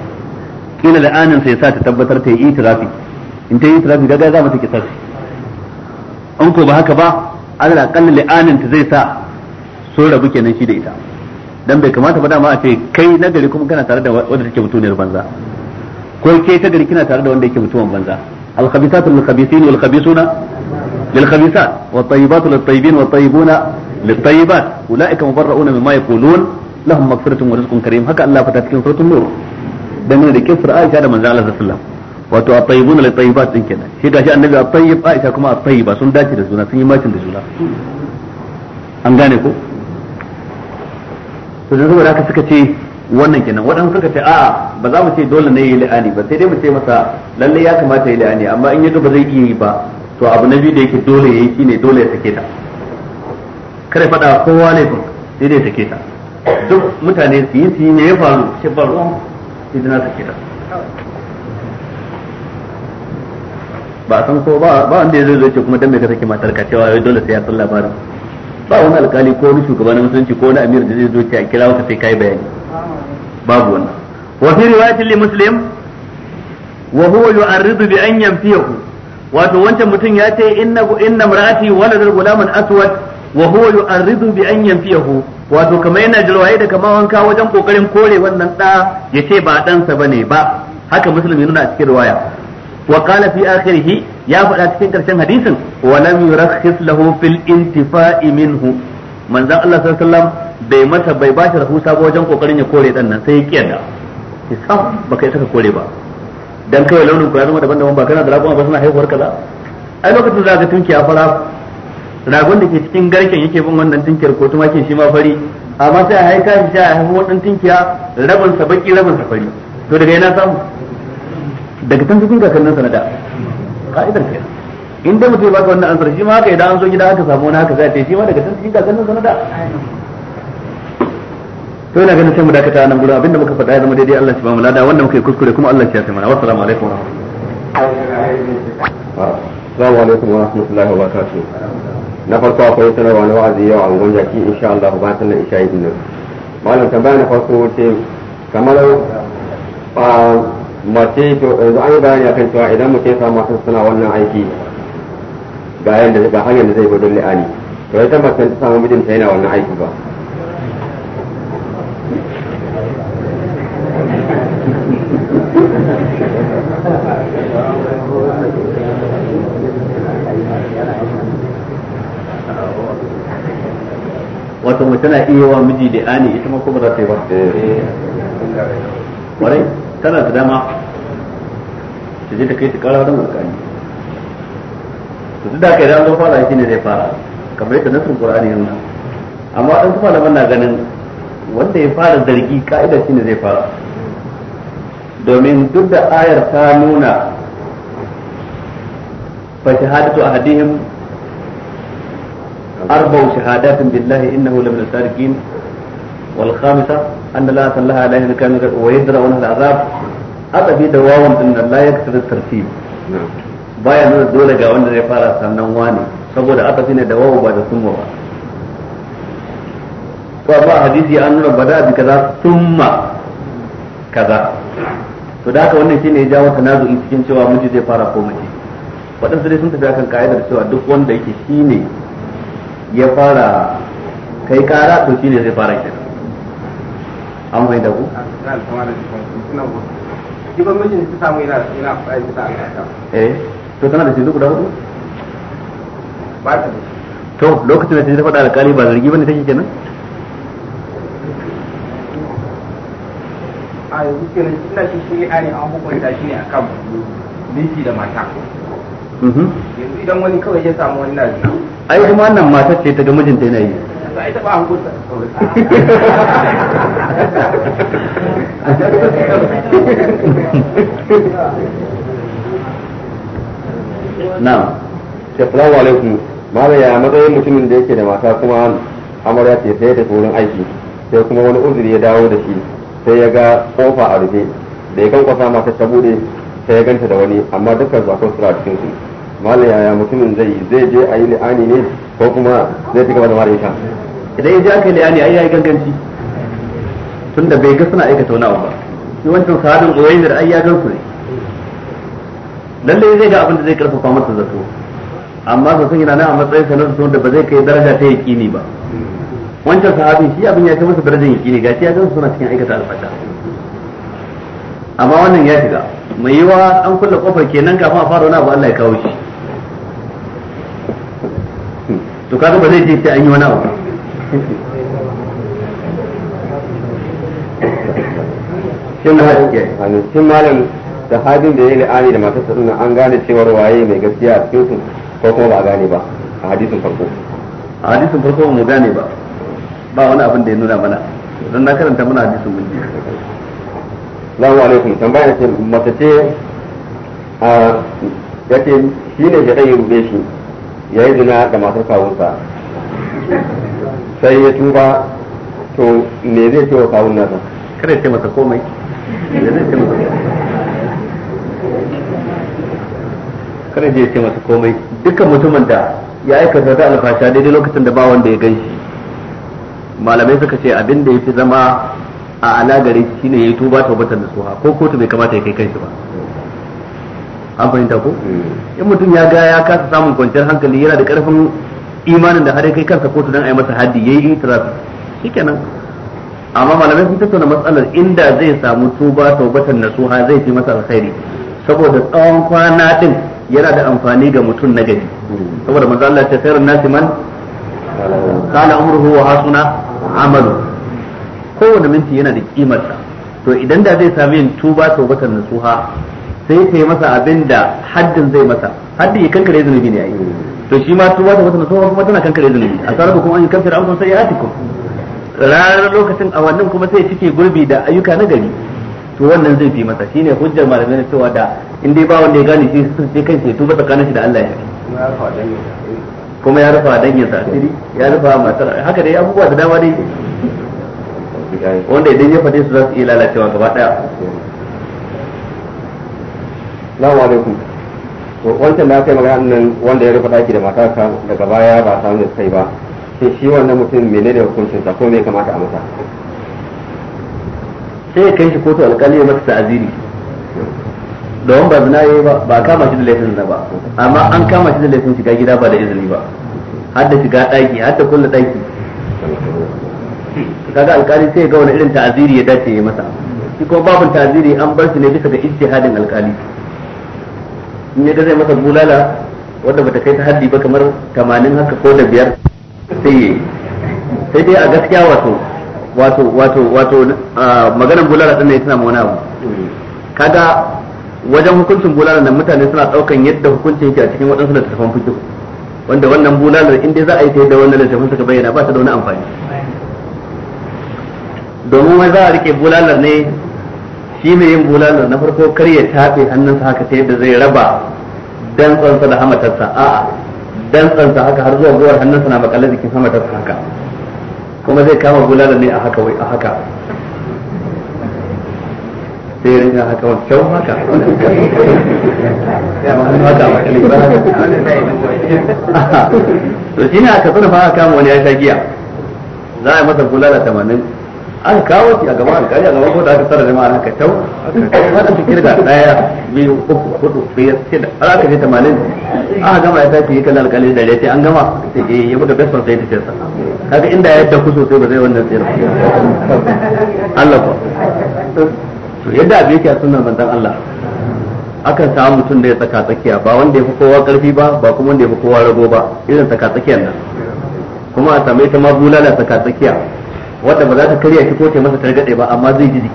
kila li'anin sai sa ta tabbatar ta yi itirafi in ta yi itirafi gaga za mata kitar an ko ba haka ba Allah akalla li'anin ta zai sa so rabu kenan shi da ita dan bai kamata ba dama a ce kai gari kuma kana tare da wanda take mutuniyar banza ko kai ta gari kina tare da wanda yake mutuwan banza al khabithatu lil khabithin wal khabithuna lil khabithat wat tayyibatu lit tayyibin wat tayyibuna lit tayyibat ulaika mubarra'una mimma yaqulun lahum maghfiratun wa rizqun karim haka Allah fata cikin suratul nur dan da kisra Aisha da manzo Allah sallallahu alaihi wasallam wato a tayyibuna la tayyibat din kenan shi gashi annabi a tayyib Aisha kuma a tayyiba sun dace da juna sun yi macin da juna an gane ko to da saboda haka suka ce wannan kenan waɗansu suka ce a'a ba za mu ce dole ne yi la'ani ba sai dai mu ce masa lalle ya kamata yi la'ani amma in yadda ba zai iya yi ba to abu na biyu da yake dole ya yi shine dole ya sake ta kare faɗa kowa kun sai dai sake ta duk mutane su yi su yi ne ya faru shi ba ruwan sai na sake ta ba san ko ba ba wanda ya zo ce kuma dan mai ka sake matar ka cewa dole sai ya san labarin ba wani alkali ko wani shugaba na musulunci ko wani amir da zai zo ya kira ka sai kai bayani babu wannan wa fi riwayatin li muslim wa huwa yu'arridu bi an yanfiyahu wato wancan mutum ya ce inna inna mar'ati waladul gulaman aswad wa huwa yu'arridu bi an yanfiyahu wato kamar yana jirwaye da kamar wanka wajen kokarin kore wannan da ya ce ba dan sa bane ba haka musulmi nuna a cikin riwaya wa qala fi akhirih ya faɗa cikin ƙarshen hadisin walam yurakhis lahu fil intifa'i minhu manzon Allah sallallahu alaihi wasallam bai masa bai ba shi rahusa ba wajen kokarin ya kore dan nan sai ya kiyarda ki baka yi saka kore ba dan kai launin kura zama daban-daban ba kana da ragon ba suna haihuwar kaza ai lokacin da ka tunki a fara ragon da ke cikin garken yake bin wannan tunkiyar ko tumakin shi ma fari amma sai a haika shi sai a haihu wannan tunkiya rabin sa baki rabin sa fari to daga yana samu daga tan kakannin sanada ka'idar ke in dai mutum ba ka wannan ansar shi ma haka idan an zo gida aka samu wani haka zai ce shi ma daga can cikin kakannin sanada to ina ganin sai mu dakata nan gurin abinda muka faɗa ya zama daidai Allah shi ba mu lada wanda muka yi kuskure kuma Allah shi ya taimana wassalamu alaikum wa rahmatullahi assalamu alaikum wa rahmatullahi wa barakatuh na farko akwai sanarwa na wa'azi yau an gwamnati ki insha Allah ba ta nan isha yi malam tambaya na farko ce kamar ah, mace yanzu an yi bayani akan cewa idan mace ya samu masu suna wannan aiki ga yadda ga hanyar da zai bi don li'ani to ita mace ta samu ta yana wannan aiki ba wato mu na iya wa miji da ani ita ma kuma za ta yi ba eh. tana da dama ta je ta kai shi kara wajen alƙali duk da fara shi ne zai fara kamar yadda amma dan kuma na ganin wanda ya fara zargi ka'idar shi ne zai fara domin duk da ayar ta nuna fa shahadatu ahadihim أربع billahi بالله إنه لمن السارقين والخامسة أن لا تنلها عليه كان ويدرى عنها العذاب adabi da wawan din nan la yaktar tartib baya nuna dole ga wanda zai fara sannan wani saboda fi ne da wawu ba da summa ba to amma hadisi an nuna bada bi kaza summa kaza to da haka wannan shine ya jawo in cikin cewa miji zai fara ko mace su dai sun tafi akan ka'idar cewa duk wanda yake shine ya fara kai kara to shine zai fara kenan an mai ku shi ba mijin ta samu yana eh, yana da shi guda hudu ba ta to lokacin da a yanzu kenan shi shi ne an hukunta shi ne akan miji mhm. yanzu idan wani kawai ya samu wani ai kuma wannan matar ce ta ga mijinta yana yi hukunta ita ba hukunta na'am assalamu ya matsayin mutumin da yake da mata kuma amarya ce sai ta wurin aiki sai kuma wani uzuri ya dawo da shi sai ya ga kofa a rufe da ya kankwasa mata ta bude sai ya ganta da wani amma dukkan zakon suna cikin su malaya ya mutumin zai zai je a yi ne ko kuma zai fi gaba da mara idan ya ji aka liyani ai yi ganganci tunda bai ga suna aikata wani ba shi wancan sahabin uwaizir ai ya gansu ne lallai zai ga abin da zai karfafa masa zato amma sun yana nan a matsayin sa na zato da ba zai kai daraja ta yaqini ba wancan sahabi shi abin ya kai masa darajar yaqini gashi ya gansu suna cikin aikata alfata. amma wannan ya shiga mai yiwa an kulle kofar kenan kafin a fara wani abu Allah ya kawo shi hmm. to kaga ba zai je sai an yi wani abu shin malam da hadin da ya yi la'ani da matarsa din an gane cewar waye mai gaskiya a cikin su ko kuma ba a gane ba a hadisin farko a hadisin farko ba mu gane ba ba wani abin da ya nuna mana don na karanta mana hadisin mun ji. Assalamu alaikum tambaya ce mace ce a yace shi ne ya rube shi yayi zina da matar kawunsa sai ya tuba to me zai ce wa kawun nasa kada ya ce masa komai ya ce kada ya ce masa komai dukkan mutumin da ya aikata ta alfasha daidai lokacin da ba wanda ya gan shi malamai suka ce abin da ya fi zama a alagari shine ya yi tuba taubatar da suha ko kotu bai kamata ya kai kanshi ba an fahimta ko hmm. in mutum ya ga ya kasa samun kwanciyar hankali yana da karfin imanin da har kai kansa kotu don a yi masa haddi yayi itiraf shikenan amma malamai sun tattauna matsalar inda zai samu tuba taubatan nasuha zai fi masa alkhairi saboda tsawon kwana din yana da amfani ga mutum na gari saboda manzo Allah ya tsayar nasi man kana umruhu wa hasuna amalu kowane minti yana da sa to idan da zai sami yin tuba taubatan nasuha sai ta yi masa abin da haddin zai masa haddi ya kankare zunubi ne a yi to shi ma tuba ta wata nasuwa kuma tana kankare zunubi a sarrafa kuma an yi kafir amsan sai ya atiku ranar lokacin a wannan kuma sai cike gurbi da ayyuka na gari to wannan zai fi masa shine hujjar malamai na cewa da in dai ba wanda ya gane shi sun sai kansa ya tuba tsakanin shi da Allah ya kuma ya rufa danginsa asiri ya rufa matar haka dai abubuwa da dama dai wanda idan ya fade su za su iya lalacewa gaba daya. Assalamu alaikum. to wancan da aka yi magana nan wanda ya rufe daki da matarsa daga baya ba samu da kai ba sai shi wannan mutum menene hukuncin sa ko me kamata a masa sai ya kai shi kotu alƙali ya masa ta'aziri don ba zina yayi ba ba kama shi da laifin zina ba amma an kama shi da laifin shiga gida ba da izini ba hadda shiga daki har kulle daki kaga alƙali sai ya ga wani irin ta'aziri ya dace ya masa shi kuma babu ta'aziri an bar shi ne bisa ga ijtihadin alƙali in ya zai masa bulala wadda bata kai ta haddi ba kamar tamanin haka ko da biyar sai yi sai dai a gaskiya wato wato wato wato maganar bulala din ne suna mauna abu kaga wajen hukuncin bulala nan mutane suna daukan yadda hukuncin yake a cikin waɗansu da tafan fito wanda wannan bulalar in dai za a yi ta yadda wannan littafin suka bayyana ba ta da wani amfani domin wai za a rike bulalar ne shi mai yin bulala na farko kar ya tafe hannunsa haka ta yadda zai raba dantsansa da hamatarsa a'a dantsansa haka har zuwa gowar hannunsa na makalar jikin hamatarsa haka kuma zai kama bulala ne a haka wai a haka sai ya rinka haka wani kyau haka to shi ne aka tsarfa a kama wani ya sha giya za a yi masa bulala tamanin an kawo shi a gaban alkali a gaban kotu aka tsara jama'a aka tau aka cikin da daya biyu uku hudu biyar shida har aka je tamanin aka gama ya tashi kalli alkali da ya an gama sai eh ya buga besfan sai ta ce sa kaga inda ya tafi sosai ba zai wannan tsira Allah ko to yadda abin yake a sunan manzon Allah akan samu mutum da ya tsaka tsakiya ba wanda ya fi kowa karfi ba ba kuma wanda ya fi kowa rago ba irin tsaka tsakiyar nan kuma a same ta ma bulala tsaka tsakiya wanda ba za ta karya shi ko ta masa targade ba amma zai ji jiki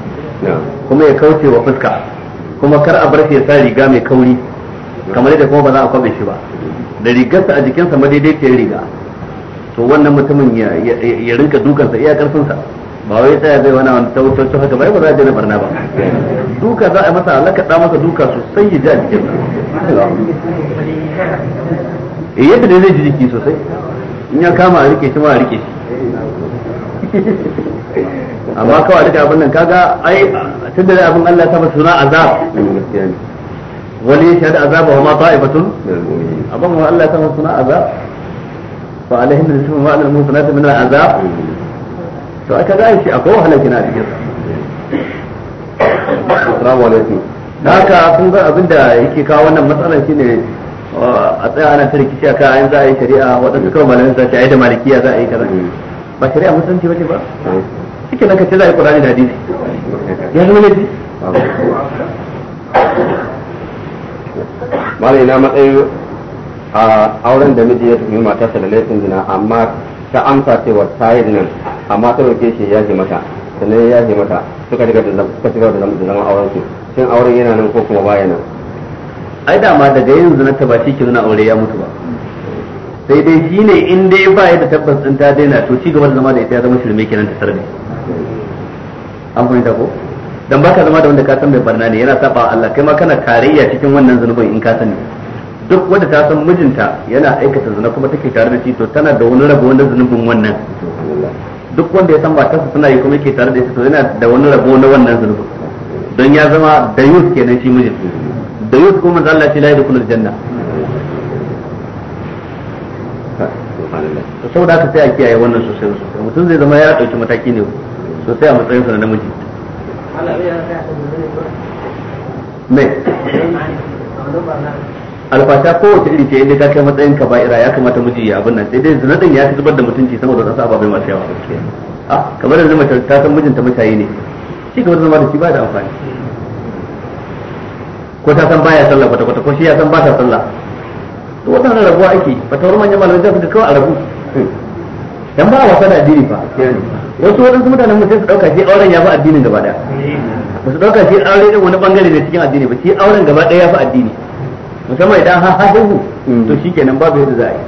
kuma ya kauce wa fuska kuma kar a bar shi ya sa riga mai kauri kamar yadda kuma ba za a kwabe shi ba da rigarsa a jikinsa ta riga to wannan mutumin ya rinka dukansa iya karfinsa ba wai tsaya zai wani wani tawutar haka bai ba za a je na barna ba duka za a masa da masa duka sosai ya ji a jikinsa eh, yadda dai zai ji jiki sosai in ya kama a rike shi ma a rike shi amma kawai duka abin nan kaga ai tun da abin Allah ta suna azab wani ya shahada azaba wa ma ta'ifatun abin wa Allah ta suna azab fa alaihim nisfu ma al musanat min al azab to aka ga shi akwai wahala kina a cikin assalamu alaikum haka kun ga abin da yake kawo wannan matsalar shine a tsaya ana tarkici aka ayin za a yi shari'a waɗanda kawai malamin za a yi da malikiya za a yi kaza mm. ba shari'a musulunci bace ba eh. shike nan ka ce za a yi kurani da hadisi ya zama laifi malai na matsayi a auren da miji ya tafi matarsa da laifin zina amma ta amsa cewa ta yi nan amma ta roke shi ya ji mata sannan ya ji mata suka shiga da zama da zama auren su shin auren yana nan ko kuma baya nan ai ma daga yin zina ta ba shi ke nuna aure ya mutu ba sai dai shi ne in dai ba ya da tabbas din ta daina to ci gaba da zama da ita ya zama shirme kenan ta sarbe an fahimta ko dan baka zama da wanda ka san mai barna ne yana saba Allah kai ma kana tarayya cikin wannan zunubin in ka sani duk wanda ta san mijinta yana aikata zina kuma take tare da shi to tana da wani rabo wanda zunubin wannan duk wanda ya san ba kansa tana yi kuma yake tare da shi to yana da wani rabo na wannan zunubin don ya zama da yus kenan shi mijin da yus kuma zalla shi shi da kullu janna subhanallah to saboda haka sai a kiyaye wannan sosai da sosai mutum zai zama ya dauki mataki ne sosai a matsayin sa na namiji me alfasha wace iri ce inda ka kai matsayin ka ba'ira ya kamata miji ya abin nan sai dai zina ya fi zubar da mutunci sama da wasu ababai masu yawa a ah, kamar yanzu mace ta san mijinta mashayi ne shi kamar zama da shi ba da amfani ko ta san baya sallah kwata kwata ko shi ya san ba ta sallah to waɗannan rabuwa ake fatawar manyan malamai zai fita kawai a rabu dan ba a wasa da addini ba. wasu waɗansu mutanen mu sai su ɗauka shi auren ya fi addinin gaba daya ba su ɗauka shi aure ɗin wani bangare ne cikin addini ba shi auren gaba daya ya fi addini musamman idan ha ha hu to shi kenan babu yadda za a yi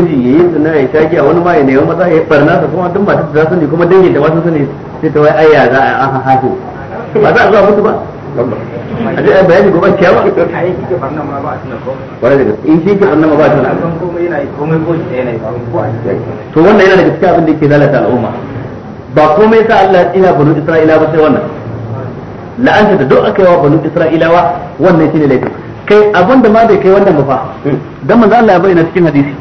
miji ya yi suna ya shaki a wani ma ya nemi maza ya farna barna sa kuma duk matar da za su ne kuma dangin da ba su sani sai ta wai ayya za a ha ha hu ba za a zuwa mutu ba a zai bayani gobe ciya ba a yi shi farna ma ba a tunan komai in shi ke farna ma ba a tunan komai yana yi komai ko shi yana yi to wannan yana daga cikin abin da ke lalata al'umma ba komai sa Allah ya tsina banu Isra'ila ba sai wannan la'anta da duk aka yi wa banu Isra'ilawa wannan shine laifin kai abin da ma bai kai wannan ba fa dan manzo Allah ya bayyana cikin hadisi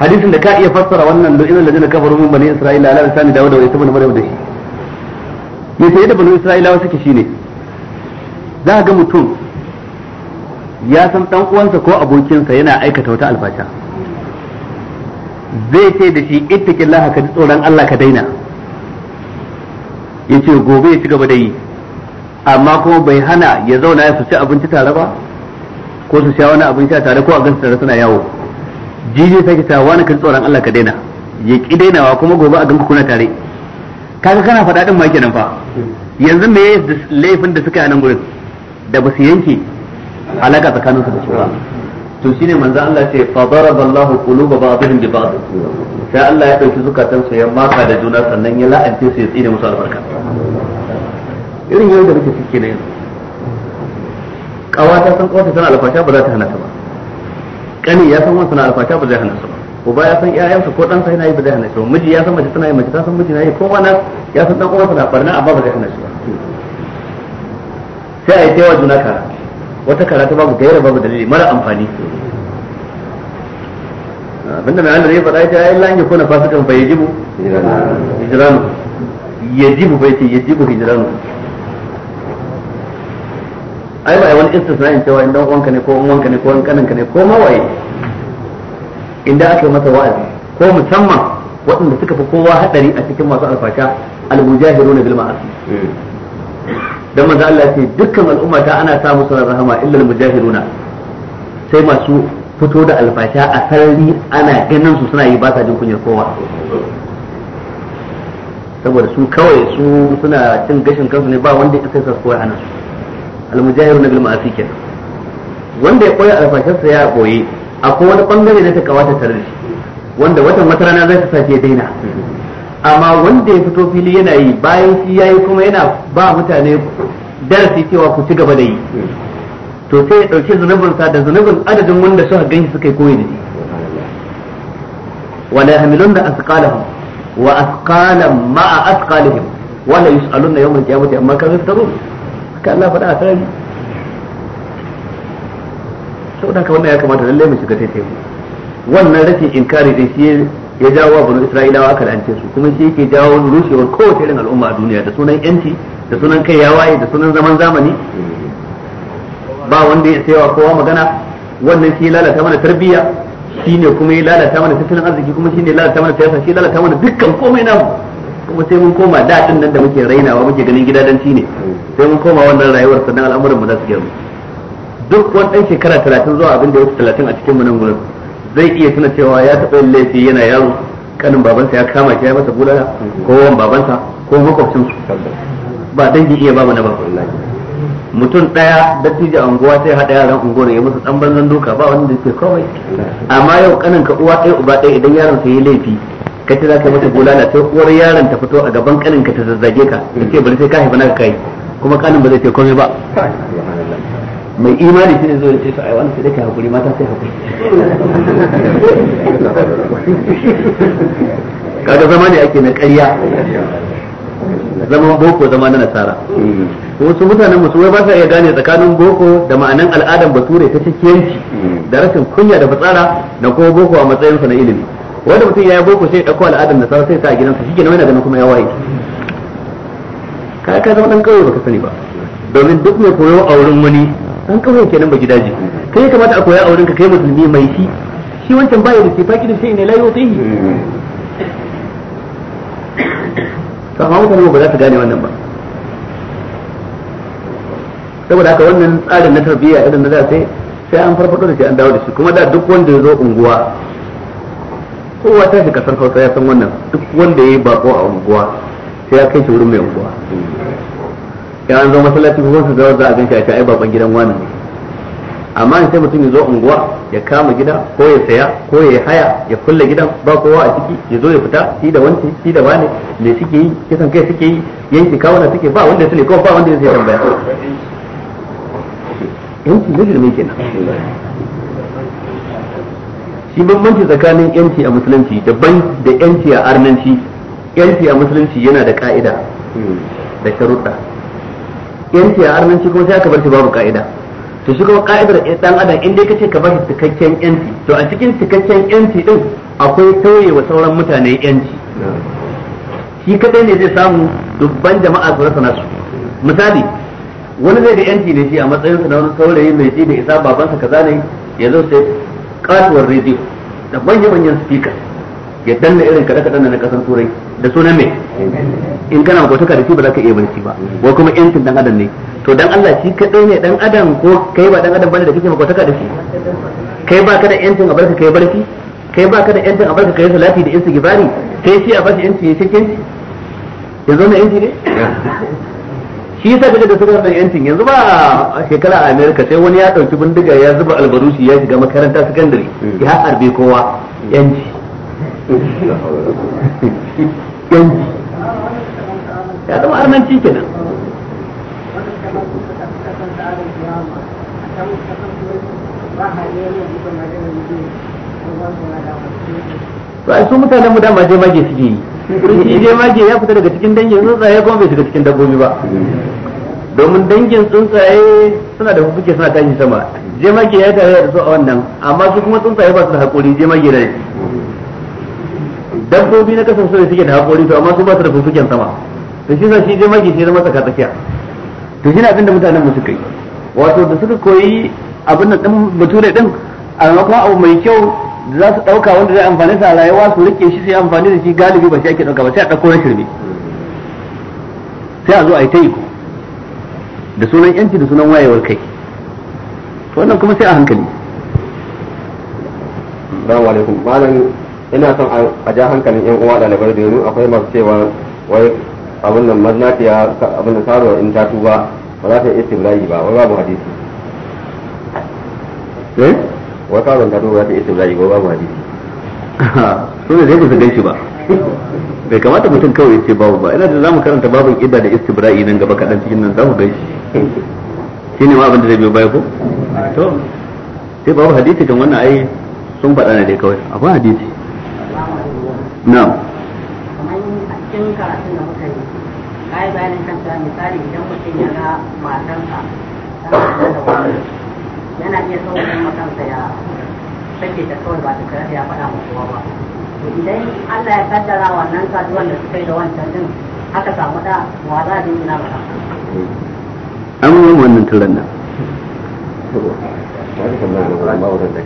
hadisin da ka iya fassara wannan da idan ladina kafaru min bani Isra'ila ala lisani Dawud da Isa ibn Maryam da shi yace yadda banu Isra'ilawa suke shine za ga mutum ya san dan uwansa ko abokinsa yana aikata wata albata zai ce da shi ittaqillah ka ji tsoron Allah ka daina yace gobe ya ci gaba da yi amma kuma bai hana ya zauna ya ci abinci tare ba ko su sha wani abinci a tare ko a gansu tare suna yawo jiji sake ta wani ka ji tsoron Allah ka daina ya ki dainawa kuma gobe a ganku kuna tare kaga kana faɗa din ma kenan fa yanzu me laifin da suka yi a nan gurin da ba su yanke alaka tsakanin su da su ba to shine manzo Allah ce fa daraba Allahu quluba ba'dihim bi ba'd sai Allah ya dauki zukatan su ya maka da juna sannan ya la'ance su ya tsine musu albarka irin yau da muke cike ne ta san kawata tana alfasha ba za ta hana ta ba kani ya san wannan tana alfasha ba zai hana ta ba uba ya san iyayensa ko sa yana yi ba zai hana shi ba miji ya san mace tana yi mace ta san miji na yi ko na ya san ɗan uwansa na barna amma ba zai hana shi ba sai a yi taiwa juna kara wata kara ta babu gaira babu dalili mara amfani abinda mai Allah ya faɗa ita ya lan yakuna fasikan bai yajibu hijiranu yajibu bai ce yajibu hijranu ai ba a yi wani istisna'in cewa inda wanka ne ko wanka ne ko in kaninka ne ko mawaye inda aka yi masa wa'azi ko musamman waɗanda suka fi kowa hadari a cikin masu alfasha al-mujahiruna bil ma'asi dan manzo Allah ce dukkan al'umma ta ana samu sanar rahama illal mujahiduna sai masu fito da alfasha a sarari ana ganin su suna yi ba sa jin kunyar kowa saboda su kawai su suna cin gashin kansu ne ba wanda ya sa kowa ana mujahiduna bil ma'asi kenan wanda ya koya alfashin sa ya koyi akwai wani bangare da ta kawata tare wanda watan wata rana zai ta ya daina amma wanda ya fito fili yana yi bayan shi yayi kuma yana ba mutane darasi cewa ku ci gaba da yi to sai ya dauki zunubin sa da zunubin adadin wanda suka ganshi suka yi koyi da shi wala da asqalahum wa asqalam ma asqalihim wala yawm al qiyamati amma kanu yaftarun haka Allah fada a sarari saboda haka wannan ya kamata lalle mu shiga taitaye wannan rashin inkari da shi ya jawo wa bani isra'ilawa aka lance su kuma shi yake jawo rushewar kowace irin al'umma a duniya da sunan yanci da sunan kai ya waye da sunan zaman zamani ba wanda ya sayawa kowa magana wannan shi lalata mana tarbiyya ne kuma ya lalata mana tattalin arziki kuma shi ne lalata mana siyasa shi lalata mana dukkan komai namu kuma sai mun koma da din nan da muke rainawa muke ganin gidadanci ne sai mun koma wannan rayuwar sannan al'amuran mu za su gyaru duk wani dan shekara 30 zuwa abin da ya wuce 30 a cikin mu nan gurin zai iya tuna cewa ya taɓa yin laifi yana yaro kanin babansa ya kama shi ya masa bulala ko wan babansa ko makwabcin ba dangi iya babu na ba mutum daya dattijo unguwa sai hada yaran unguwar ya musu dan banzan doka ba wanda ke kawai amma yau kanin ka uwa ɗaya uba ɗaya idan yaron sa yi laifi ka ce za ka masa bulala sai uwar yaron ta fito a gaban kanin ka ta zazzage ka ta ce bari sai ka haifa ka kai kuma kanin ba zai ce komai ba mai imani shi ne zo da ce to sai dai hakuri mata sai hakuri kaga zama ne ake na ƙarya zama boko zama na nasara mm. wasu mutanen musu wai ba sa iya gane tsakanin boko da ma'anan al'adan bature ta cikiyanci mm. da rashin kunya da fitsara da kuma boko a matsayinsa na ilimi wanda mutum ya yi boko sai ya ɗauko al'adan nasara sai sa a gidansa shi kenan yana ganin kuma ya waye ka ka zama ɗan kawai baka sani ba domin duk mai koyo a wurin wani dan kauye kenan ba gidaje kai ya kamata a koya a wurinka kai musulmi mai shi shi wancan baya da sifaki da sai ne la yutihi to amma mutane ba za su gane wannan ba saboda haka wannan tsarin na tarbiyya irin da za sai sai an farfado da shi an dawo da shi kuma da duk wanda ya zo unguwa kowa ta shi kasar hausa ya san wannan duk wanda ya yi bako a unguwa sai ya kai shi wurin mai unguwa ya zo masallaci ko su zawar za a ganshi a ai baban gidan wani ne amma in sai mutum ya zo unguwa ya kama gida ko ya saya ko ya haya ya kulle gidan ba kowa a ciki ya zo ya fita shi da wance shi da wane me suke yi kisan kai suke yi yanki kawuna suke ba wanda ya sani ko ba wanda ya sai tambaya yanki na jirgin kenan shi bambanci tsakanin yanci a musulunci daban da yanci a arnanci yanci a musulunci yana da ka'ida da sharuɗa yanci a arnanci kuma sai aka bar shi babu ka'ida to shi kuma ka'idar eh, dan adam in dai kace ka bar shi cikakken yanci to a cikin cikakken yanci din akwai tauye wa sauran mutane yanci shi kadai ne zai samu dubban jama'a su rasa nasu misali wani zai da yanci ne shi a matsayin sa na wani saurayi mai ji da isa babansa kaza ne ya zo sai katuwar rediyo da manya-manyan speakers ya danna irin kada kada na kasan turai da sunan me in kana taka da shi ba za ka iya barci ba ko kuma yancin dan adam ne to dan Allah shi kadai ne dan adam ko kai ba dan adam bane da ko taka da shi kai ba ka da yancin a barka kai barci kai ba ka da yancin a barka kai salati da gibari. sai shi a bashi yanci ya cikin yanzu na yanci ne shi yasa kaga da su da yancin yanzu ba a shekara a America sai wani ya dauki bindiga ya zuba albarushi ya shiga makaranta sakandare ya harbe kowa yanci yanki ya zama arnanci kenan ba su mutanen mu dama je mage suke yi in je mage ya fita daga cikin dangin tsuntsaye kuma bai shiga cikin dabbobi ba domin dangin tsuntsaye suna da hukuke suna tashi sama je mage ya tare da su a wannan amma su kuma tsuntsaye ba su da hakuri je mage da shi dabbobi na kasan sun suke da haƙori to amma su ba su da fuffuken sama to shi sa shi je magi sai zama tsaka tsakiya to shi ne abin da mutanen mu suka yi wato da suka koyi abin da din bature din a maimakon abu mai kyau da za su ɗauka wanda zai amfani sa rayuwa su rike shi sai amfani da shi galibi ba shi ake ɗauka ba sai a ɗauko na shirme sai a zo a yi ta iko da sunan yanci da sunan wayewar kai wannan kuma sai a hankali. Assalamu alaikum. Malam ina son a ja hankalin yan uwa ɗalibai domin akwai masu cewa wai abin nan maznafiya abin da saruwa in ta tuba ba za ta yi istibrahi ba wai babu hadisi eh wai karuwan ta tuba za ta yi istibrahi ba babu hadisi su ne zai ku gan shi ba bai kamata mutum kawai ya ce babu ba ina da za mu karanta babin idda da istibra'i nan gaba kaɗan cikin nan za mu gan shi ne ma abin da zai biyo baya ko to sai babu hadisi kan wannan ai sun faɗa ne dai kawai akwai hadisi na'am kamar da muka yi misali idan mutum ya ga ta kawai ba da ya faɗa ma ba idan Allah ya kaddara wannan da suka yi da wancan din aka samu da wa za a ba an yi wannan turan nan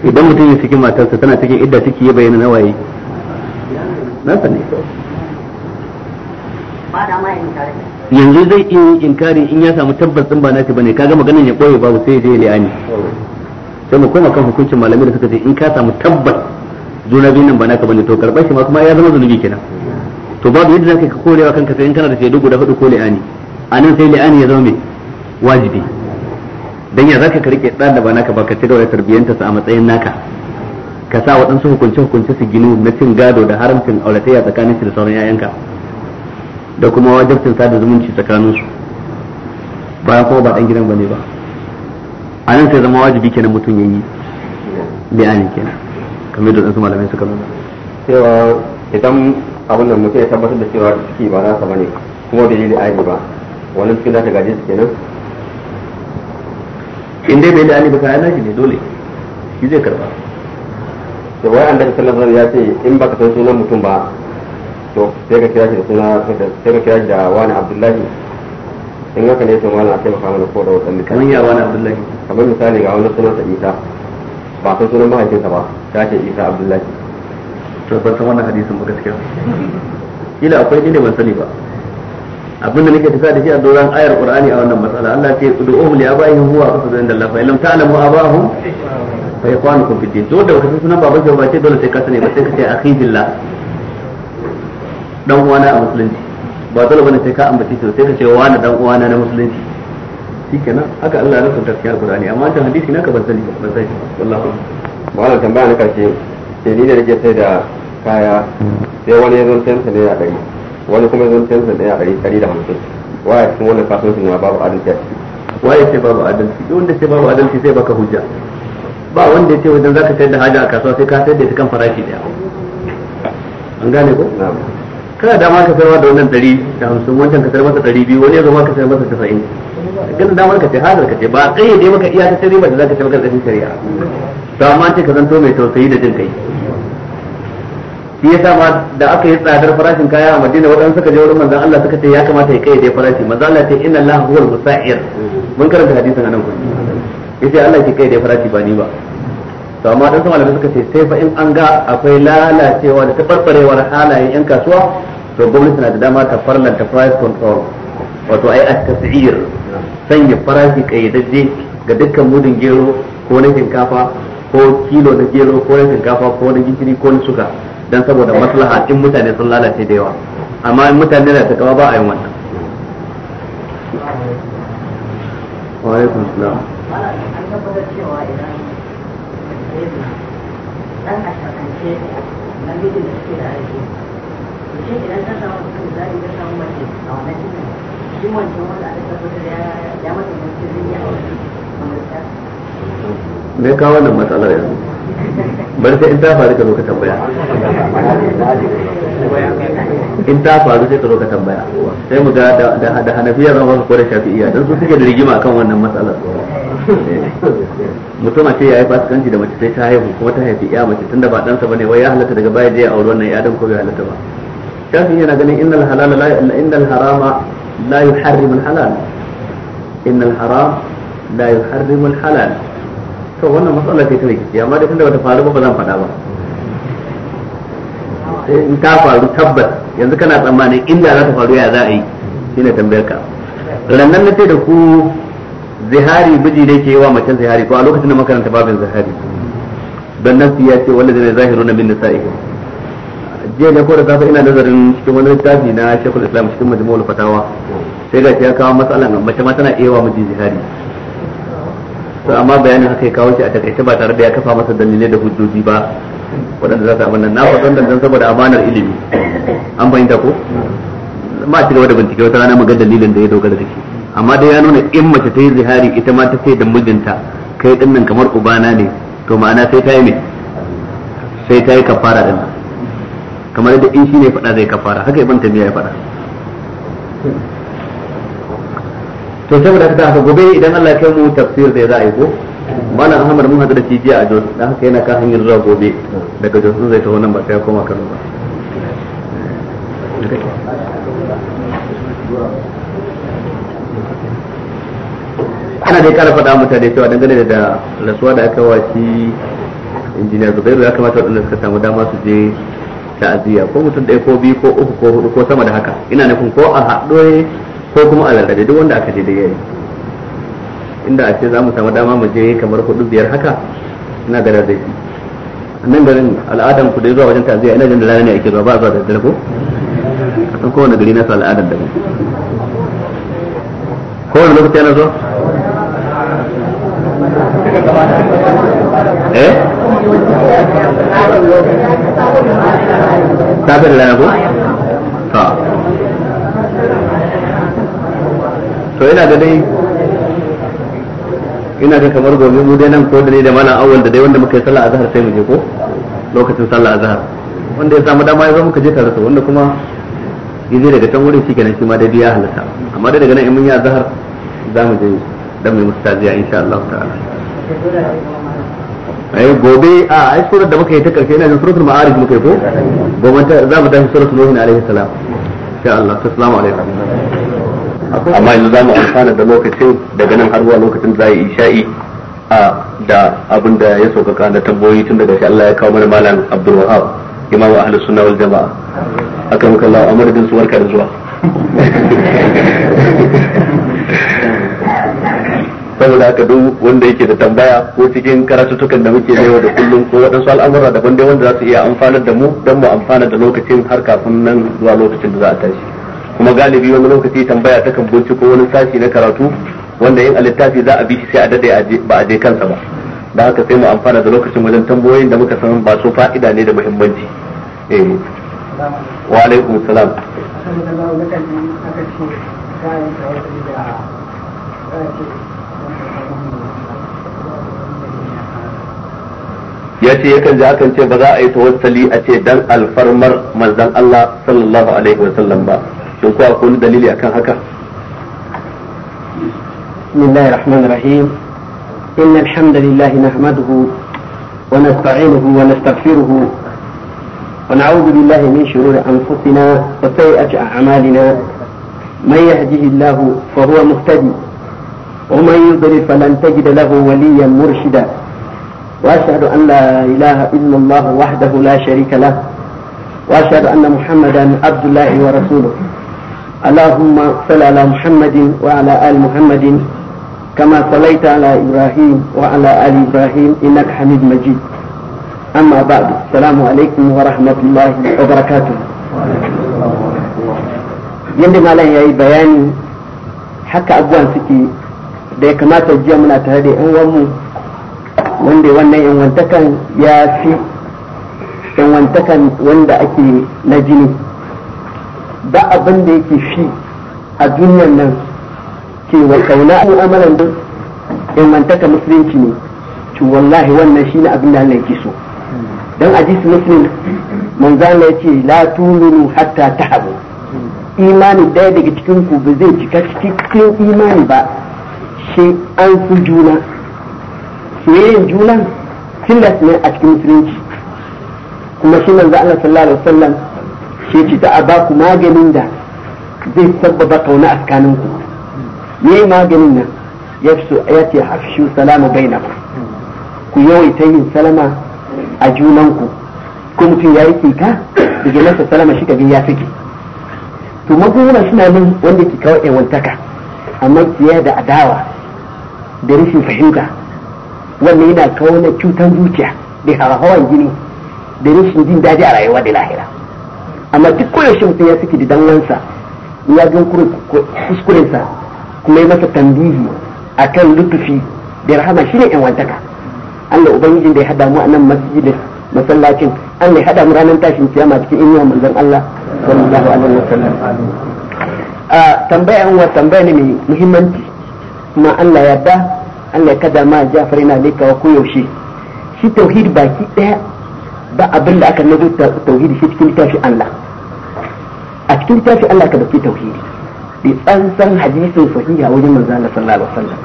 idan mutum ya saki matarsa tana cikin idda ciki ya bayyana nawaye nasa ne yanzu zai in inkari in ya samu tabbas din ba naka bane kaga ganin ya koye babu sai ya je li'ani sai mu koma kan hukuncin malamai da suka ce in ka samu tabbas juna biyun nan ba naka bane to karɓar shi ma kuma ya zama zunubi kenan to babu yadda zaka ka korewa kanka sai in kana da shaidu guda hudu ko li'ani nan sai li'ani ya zama mai wajibi dan ya zaka ka rike ɗan da ba naka ba ka ci gaba da tarbiyantarsa a matsayin naka ka sa waɗansu hukunce hukunce su gini na cin gado da haramcin auratayya tsakanin su da sauran yayanka da kuma wajabcin sada zumunci tsakanin su bayan kuma ba ɗan gidan bane ba a nan sai zama wajibi kenan mutum yayi ani kenan kamar da wasu malamai suka nuna cewa idan abin da mutum ya tabbatar da cewa ciki ba nasa bane kuma bai yi li'ani ba wannan cikin za ta gaje su kenan in dai bai da ani ba kayan nashi ne dole shi zai karba da wai an daga sallar ya ce in baka san sunan mutum ba to sai ka kira shi da suna sai ka kira shi da wani abdullahi in haka ne to wani a taimaka mana ko da wani. misali kamar ya wani abdullahi kamar misali ga wani sunan sa isa ba san sunan mahaifinsa ba ta ce isa abdullahi to ban san wannan hadisin ba gaskiya kila akwai ne ban sani ba abinda nake tafiya da shi a doron ayar qur'ani a wannan matsala Allah ya ce ud'uhum li abaihim huwa aqsadu inda Allah fa illam ta'lamu abahum fa ikhwanukum fi din dole ka sunan suna ka ba ce dole sai ka sani ba sai ka ce akhi billah dan uwana a musulunci ba dole bane sai ka ambace shi sai ka ce wani dan uwana na musulunci shikenan haka Allah ya rubuta cikin alqur'ani amma dan hadisi naka ban sani ba sai wallahi wannan tambaya ne karshe sai ni ne nake sai da kaya sai wani ya zo tansa ne a dari wani kuma zan zo tansa ne a dari dari da hamsin waye cikin wannan kasuwancin ma babu adalci a ciki waye ce babu adalci duk wanda ce babu adalci sai baka hujja ba wanda ya ce wajen zaka sayar da haja a kasuwa sai ka sayar da ita kan farashi daya an gane ko kana dama ka sayar da wannan ɗari da hamsin wancan ka sayar masa ɗari biyu wani ya zama ka sayar masa tasa'in ganin damar ka ce hajar ka ce ba a ƙayyade maka iya ta shari'a da zaka ce maka ƙarfin shari'a to amma ce ka zanto mai tausayi da jin kai shi yasa ma da aka yi tsadar farashin kaya a Madina waɗansu suka je wurin manzon Allah suka ce ya kamata ya kai da farashi manzon Allah ce inna Allah huwal musa'ir mun karanta hadisin anan kuma yace Allah ke kai da farashi ba ni ba to amma dan sama suka ce sai fa in an ga akwai lalacewa da tabarbarewar halayen yan kasuwa to gwamnati na da dama ta farlanta price control wato ai a tasir sanya farashi kayyadajje ga dukkan mudun gero ko na shinkafa ko kilo na gero ko na shinkafa ko na gishiri ko na suka dan saboda maslaha in mutane sun lalace da yawa amma in mutane na ta kawa ba a yin wannan wa alaikum salam me ya kawo nan matsalar yanzu bari sai in ta faru ka zo ka tambaya in ta faru sai ka zo ka tambaya sai mu ga da hanafiya zama ka kore shafi iya don su suke da rigima kan wannan matsalar mutum a ce ya yi fasikanci da mace sai ta haihu kuma ta haifi ya mace tunda ba ɗansa ne wai ya halatta daga baya je a auri wannan ya dan ko bai halatta ba shafin yana ganin innal halala la innal harama la yuharrimu halal innal haram la yuharrimu halal to wannan matsala ce ta rikici amma da tunda bata faru ba ba zan faɗa ba in ta faru tabbas yanzu kana tsammanin inda za ta faru ya za a yi shine tambayar ka rannan na ce da ku zihari miji ne ke yi wa macen zihari ko a lokacin da makaranta babin zihari don nan ya ce wanda zai zahiru na bin nisa'ihi jiya ne ko da safe ina nazarin cikin wani littafi na shekul islam cikin majmu'ul fatawa sai ga ya kawo matsalan mace ma tana iya wa miji zihari to amma bayanin haka ya kawo shi a takaice ba tare da ya kafa masa dalilai da hujjoji ba waɗanda za su abin nan na faɗin dandan saboda amanar ilimi an fahimta ko ma ci gaba da bincike wata rana mu ga dalilin da ya dogara da shi amma dai ya nuna in mace ta yi zihari ita ma ta ce da mijinta kai din nan kamar ubana ne to ma'ana sai ta yi ne sai ta yi kafara din kamar da in shi ne faɗa zai kafara haka ibn tamiya ya faɗa to saboda haka haka gobe idan Allah ya kai mu tafsir da za a yi ko malam Ahmad mun hada da shi jiya a Jos dan haka yana kan hanyar zuwa gobe daga Jos zai taho nan ba sai ya koma Kano ba ana dai kara faɗa mutane cewa dangane da rasuwa da aka waci injiniya zubairu ya kamata waɗanda suka samu dama su je ta'aziyya ko mutum ɗaya ko biyu ko uku ko hudu ko sama da haka ina nufin ko a haɗo ko kuma a lalabe duk wanda aka je da yayi inda a ce za mu samu dama mu je kamar hudu biyar haka ina da da shi nan garin al'adan ku da zuwa wajen ta'aziyya ina jin da ne ake zuwa ba zuwa da daddare ko kowane gari na su al'adan daban ko wani lokaci yana zuwa eh ta fi rana ko ta to yana da dai ina ga kamar gobe mu dai nan ko da ne da mana awal da dai wanda muka yi sallah azhar sai mu je ko lokacin sallah azhar wanda ya samu dama ya zo muka je tare wanda kuma yaje daga can wurin shi kenan shi ma dai biya halatta amma dai daga nan in mun yi azhar za mu je dan mai mustaziya insha Allah ta'ala ai gobe a ai surar da muka yi ta karshe ina jin suratul ma'arij muka yi ko gobe za mu tafi suratul nuhin alaihi salam insha Allah assalamu alaikum amma yanzu za mu amfana da lokacin daga nan har zuwa lokacin za yi isha'i a da abin da ya sauƙaƙa na tamboyi tun daga shi Allah ya kawo mana malam Abdul Wahab imamu ahlus sunna wal jama'a akan kallahu amarin su warka da zuwa saboda haka duk wanda yake da tambaya ko cikin karatutukan da muke yi da kullum ko waɗansu al'amura daban dai wanda za su iya amfanar da mu don mu amfana da lokacin har kafin nan zuwa lokacin da za a tashi kuma galibi wani lokaci tambaya ta kan ko wani sashi na karatu wanda yin a littafi za a bi shi sai a dade ba a je kansa ba da haka sai mu amfana da lokacin wajen tambayoyin da muka san ba su fa'ida ne da muhimmanci eh wa alaikum salam Thank you. ya ce yakan ji akan ce ba za a yi tawassali a ce dan alfarmar manzan Allah sallallahu alaihi wasallam ba shin ko akwai dalili akan haka bismillahir rahmanir rahim nahmaduhu wa الحمد لله نحمده ونستعينه ونستغفره ونعوذ بالله من شرور أنفسنا وسيئة أعمالنا من يهده الله فهو مهتدي ومن يضلل فلن تجد له وليا مرشدا وأشهد أن لا إله إلا الله وحده لا شريك له وأشهد أن محمدا عبد الله ورسوله اللهم صل على محمد وعلى آل محمد كما صليت على إبراهيم وعلى آل إبراهيم إنك حميد مجيد أما بعد السلام عليكم ورحمة الله وبركاته yadda malam ya yi bayani haka abubuwan suke da ya kamata jiya muna tare da 'yan uwanmu wanda wannan wantakan ya fi wantakan wanda ake na jini ba abin da yake fi a duniyar nan ke wa kauna mu'amalan da ingantaka musulunci ne to wallahi wannan shine abin da Allah yake so dan hadisi muslim manzana Allah yace la tuminu hatta tahabu imani daya daga cikin ku ba zai cika cikin imani ba shi an su juna soyayyen juna tilas ne a cikin musulunci kuma shi manzo Allah sallallahu alaihi wasallam shi ce ta ba ku maganin da zai sabbaba kauna a tsakanin ku maganin nan ya fi hafshu salama bainakum ku yawaita yin salama a junanku ku ko mutum ya yi kika daga nasa salama shi kaga ya fike to magunguna suna nan wanda ke kawo 'yawantaka amma kiyaye da adawa da rashin fahimta wannan yana kawo na cutar zuciya da hawan jini da rashin jin daji a rayuwa da lahira amma duk koyaushe mutum ya suke da danwansa ya gan kuskurensa kuma ya masa tambihi akan lutufi da rahama shine yan wantaka Allah ubangijin da ya hada mu a nan masjidin masallacin Allah ya hada mu ranar tashin kiyama cikin inuwa manzon Allah sallallahu alaihi wasallam a ah, tambaya wa tambaya ne mai muhimmanci kuma Allah ya da Allah ya kada ma Ja'far yana lekawa koyaushe shi tauhid baki daya ba abin da aka nazo tauhidi shi cikin tafi Allah a cikin tafi Allah ka dauki tauhidi bi tsantsan hadisin sahiha wajen manzo Allah sallallahu alaihi wasallam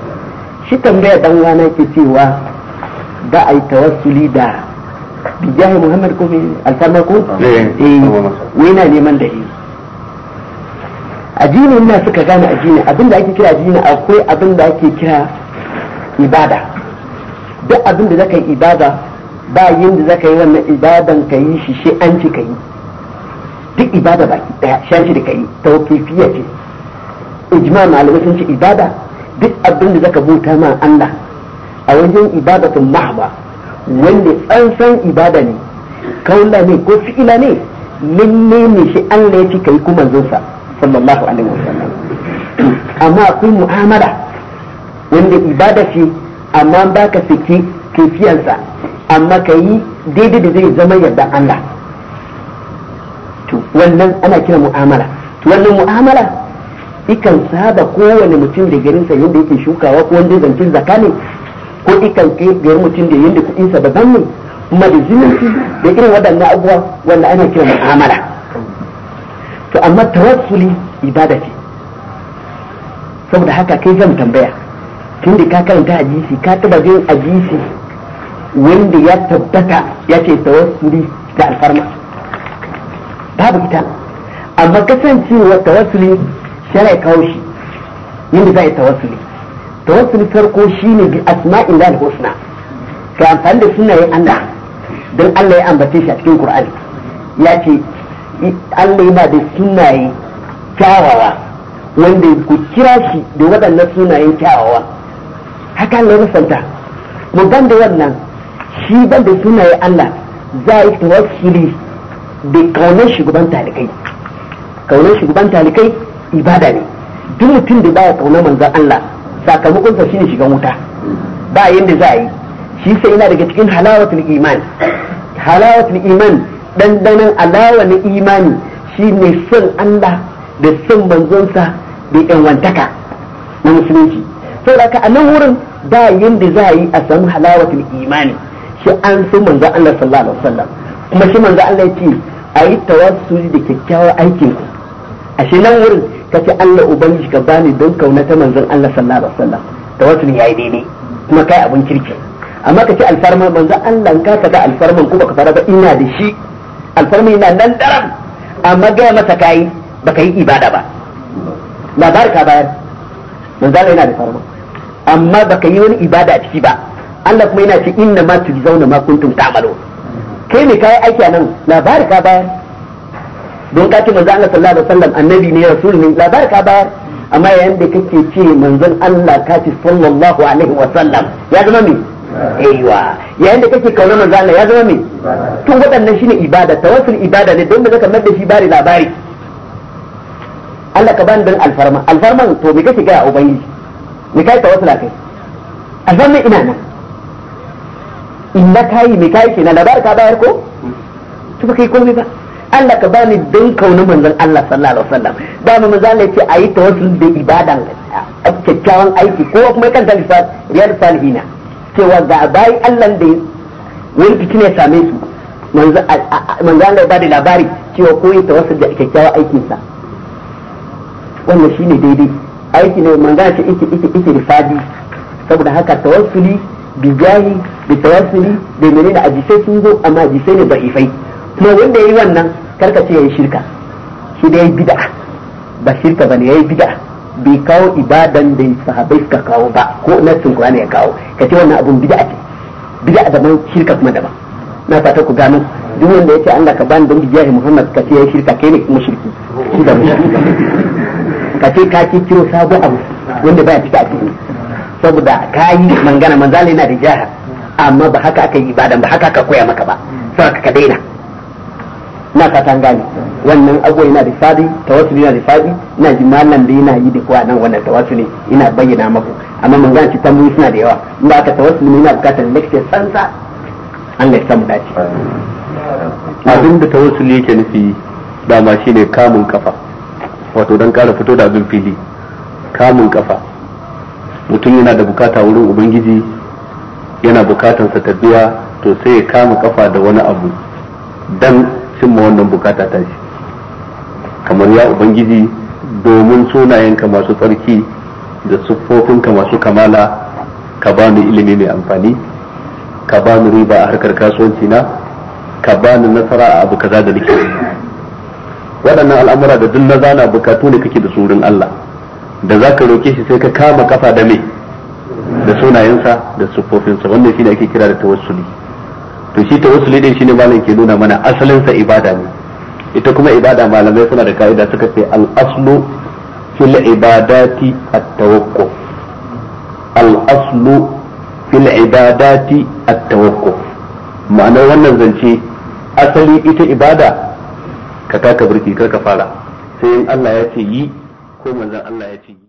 shi tambaya dan wani ke cewa ba ai tawassuli da bijahi Muhammad ko me alfarma ko eh, eh wai na neman dalili addinin na suka gane addini abinda ake kira addini akwai abinda ake kira ibada duk abin da zaka yi ibada ba yin da zaka yi wannan ibadan ka yi shi shi an ci ka yi duk ibada ba daya shan shi da ka yi tawqifiyya ce ijma malamai sun ce ibada duk abin da zaka bauta ma Allah a wajen ibadatun mahba wanda tsantsan ibada ne kaula ne ko fi'ila ne lalle ne shi Allah ya ci kai kuma manzon sa sallallahu alaihi wasallam amma akwai mu'amala wanda ibada ce amma ba ka saki kefiyarsa amma ka yi daidai da zai zama yadda Allah to wannan ana kira mu'amala to wannan mu'amala ikan saba kowane mutum da garinsa yadda yake shukawa ko wanda zancin zaka ne ko ikan kai garin mutum da yadda kuɗinsa daban ne kuma da zumunci da irin waɗannan abubuwa wanda ana kira mu'amala to amma tawassuli ibada ce saboda haka kai zan tambaya da ka karanta hadisi ka taba jin hadisi wanda ya tabbata ya ce tawassuli da alfarma babu ita amma kasancewa tawassuli ya kawo shi yadda za a yi tawassuli tawassuli farko ne bi asma'in da husna ka amfani da ya Allah don Allah ya ambace shi a cikin Qur'ani ya ce Allah yana da sunaye kyawawa wanda ku kira shi da waɗannan sunayen kyawawa haka ne ya mu ban da wannan shi ban da sunaye Allah za a yi tawassuli da kaunar shugaban talikai kaunar shugaban talikai ibada ne duk mutum da baya kaunar manzon Allah sakamakonsa sa shine shiga wuta ba yanda za a yi shi sai yana daga cikin halawatul iman halawatul iman dandanan alawan imani shine son Allah da son manzonsa da yan na musulunci saboda a nan wurin ba yadda za a yi a samu halawatul imani shi an so manzo Allah sallallahu alaihi wasallam kuma shi manzo Allah yace ayi tawassuli da kyakkyawar aikin ku shi nan wurin ka kace Allah ubangiji ka bani don kauna ta manzon Allah sallallahu alaihi wasallam tawassuli yayi daidai kuma kai abun kirki amma ka kace alfarma manzo Allah ka ka ga alfarman ku baka fara ba ina da shi alfarma ina nan daram amma ga masa kai baka yi ibada ba labar ka bayar manzo Allah yana da farma amma baka yi wani ibada a ciki ba Allah kuma yana ce inna ma zauna ma kuntum ta'malu kai ne kai aiki a nan labari ka bayar don kace manzo Allah sallallahu alaihi wasallam annabi ne rasul ne labari ka bayar amma yayin da kake ce manzon Allah kace sallallahu alaihi wasallam ya zama me aiwa yayin da kake kauna manzo Allah ya zama me to waɗannan shine ibada tawassul ibada ne don ba zaka mai da shi bari labari Allah ka bani dan alfarma alfarman to me kake ga ubangiji me kai tawassula kai aljanna ina nan in na kai me ke nan labar ka bayar ko to ba kai komai ba Allah ka bani don kaunin manzon Allah sallallahu alaihi wasallam da mu manzon Allah yace ayi wasu da ibadan kyakkyawan aiki ko kuma kan talifat riyar salihina cewa ga bayi Allah da wani fitina ya same su manzan Allah ba da labari cewa koyi ta wasu da kyakkyawan aikinsa wannan shine daidai aiki ne manza ce iki iki iki rifadi saboda haka tawassuli bi jahi bi tawassuli da menene ajisai sun zo amma ajise ne da'ifai kuma wanda yayi wannan karka ce yayi shirka shi da yayi bid'a ba shirka bane yayi bid'a bi kawo ibadan da sahabbai suka kawo ba ko na Qur'ani ya kawo kace wannan abun bid'a ce bid'a daban shirka kuma daban na fata ku gano duk wanda yace Allah ka bani don jahi Muhammad kace yayi shirka kai ne kuma shirki shi da ka ce ka ci kiro sabo abu wanda baya cika a cikin saboda ka yi mangana manzala yana da jaha amma ba haka aka yi ibadan ba haka aka koya maka ba sai ka daina na ka tan wannan abu yana da fadi tawassuli yana da fadi ina ji mallan da yana yi da kuwa nan wannan tawassuli ina bayyana maku amma mangana ci tambayoyi suna da yawa in ba aka tawassuli ina bukatar lecture sansa an ga samu dace abin da tawassuli yake nufi dama shine kamun kafa wato don kara fito da abin fili kamun kafa mutum yana da bukata wurin ubangiji yana bukatan sa tadduwa to sai ya kama kafa da wani abu dan cimma wannan bukata ta shi kamar ya ubangiji domin sunayenka masu tsarki da siffofinka masu kamala ka bani ilimi mai amfani ka bani riba a harkar kasuwanci na ka ba ni nasara a abu kaza da nake waɗannan al'amura da duk na zana bukatu ne kake da surin Allah da za ka roƙe shi sai ka kama kafa da me da sunayensa da siffofinsa wannan shi ne ake kira da tawassuli to shi tawassuli din ne malam ke nuna mana asalin sa ibada ne ita kuma ibada malamai suna da ka'ida suka ce al aslu fil ibadati at tawakkul al aslu fil ibadati at tawakkul ma'anar wannan zance asali ita ibada ka taka birki kar ka fara sai in Allah ya ce yi ko manzon Allah ya ce yi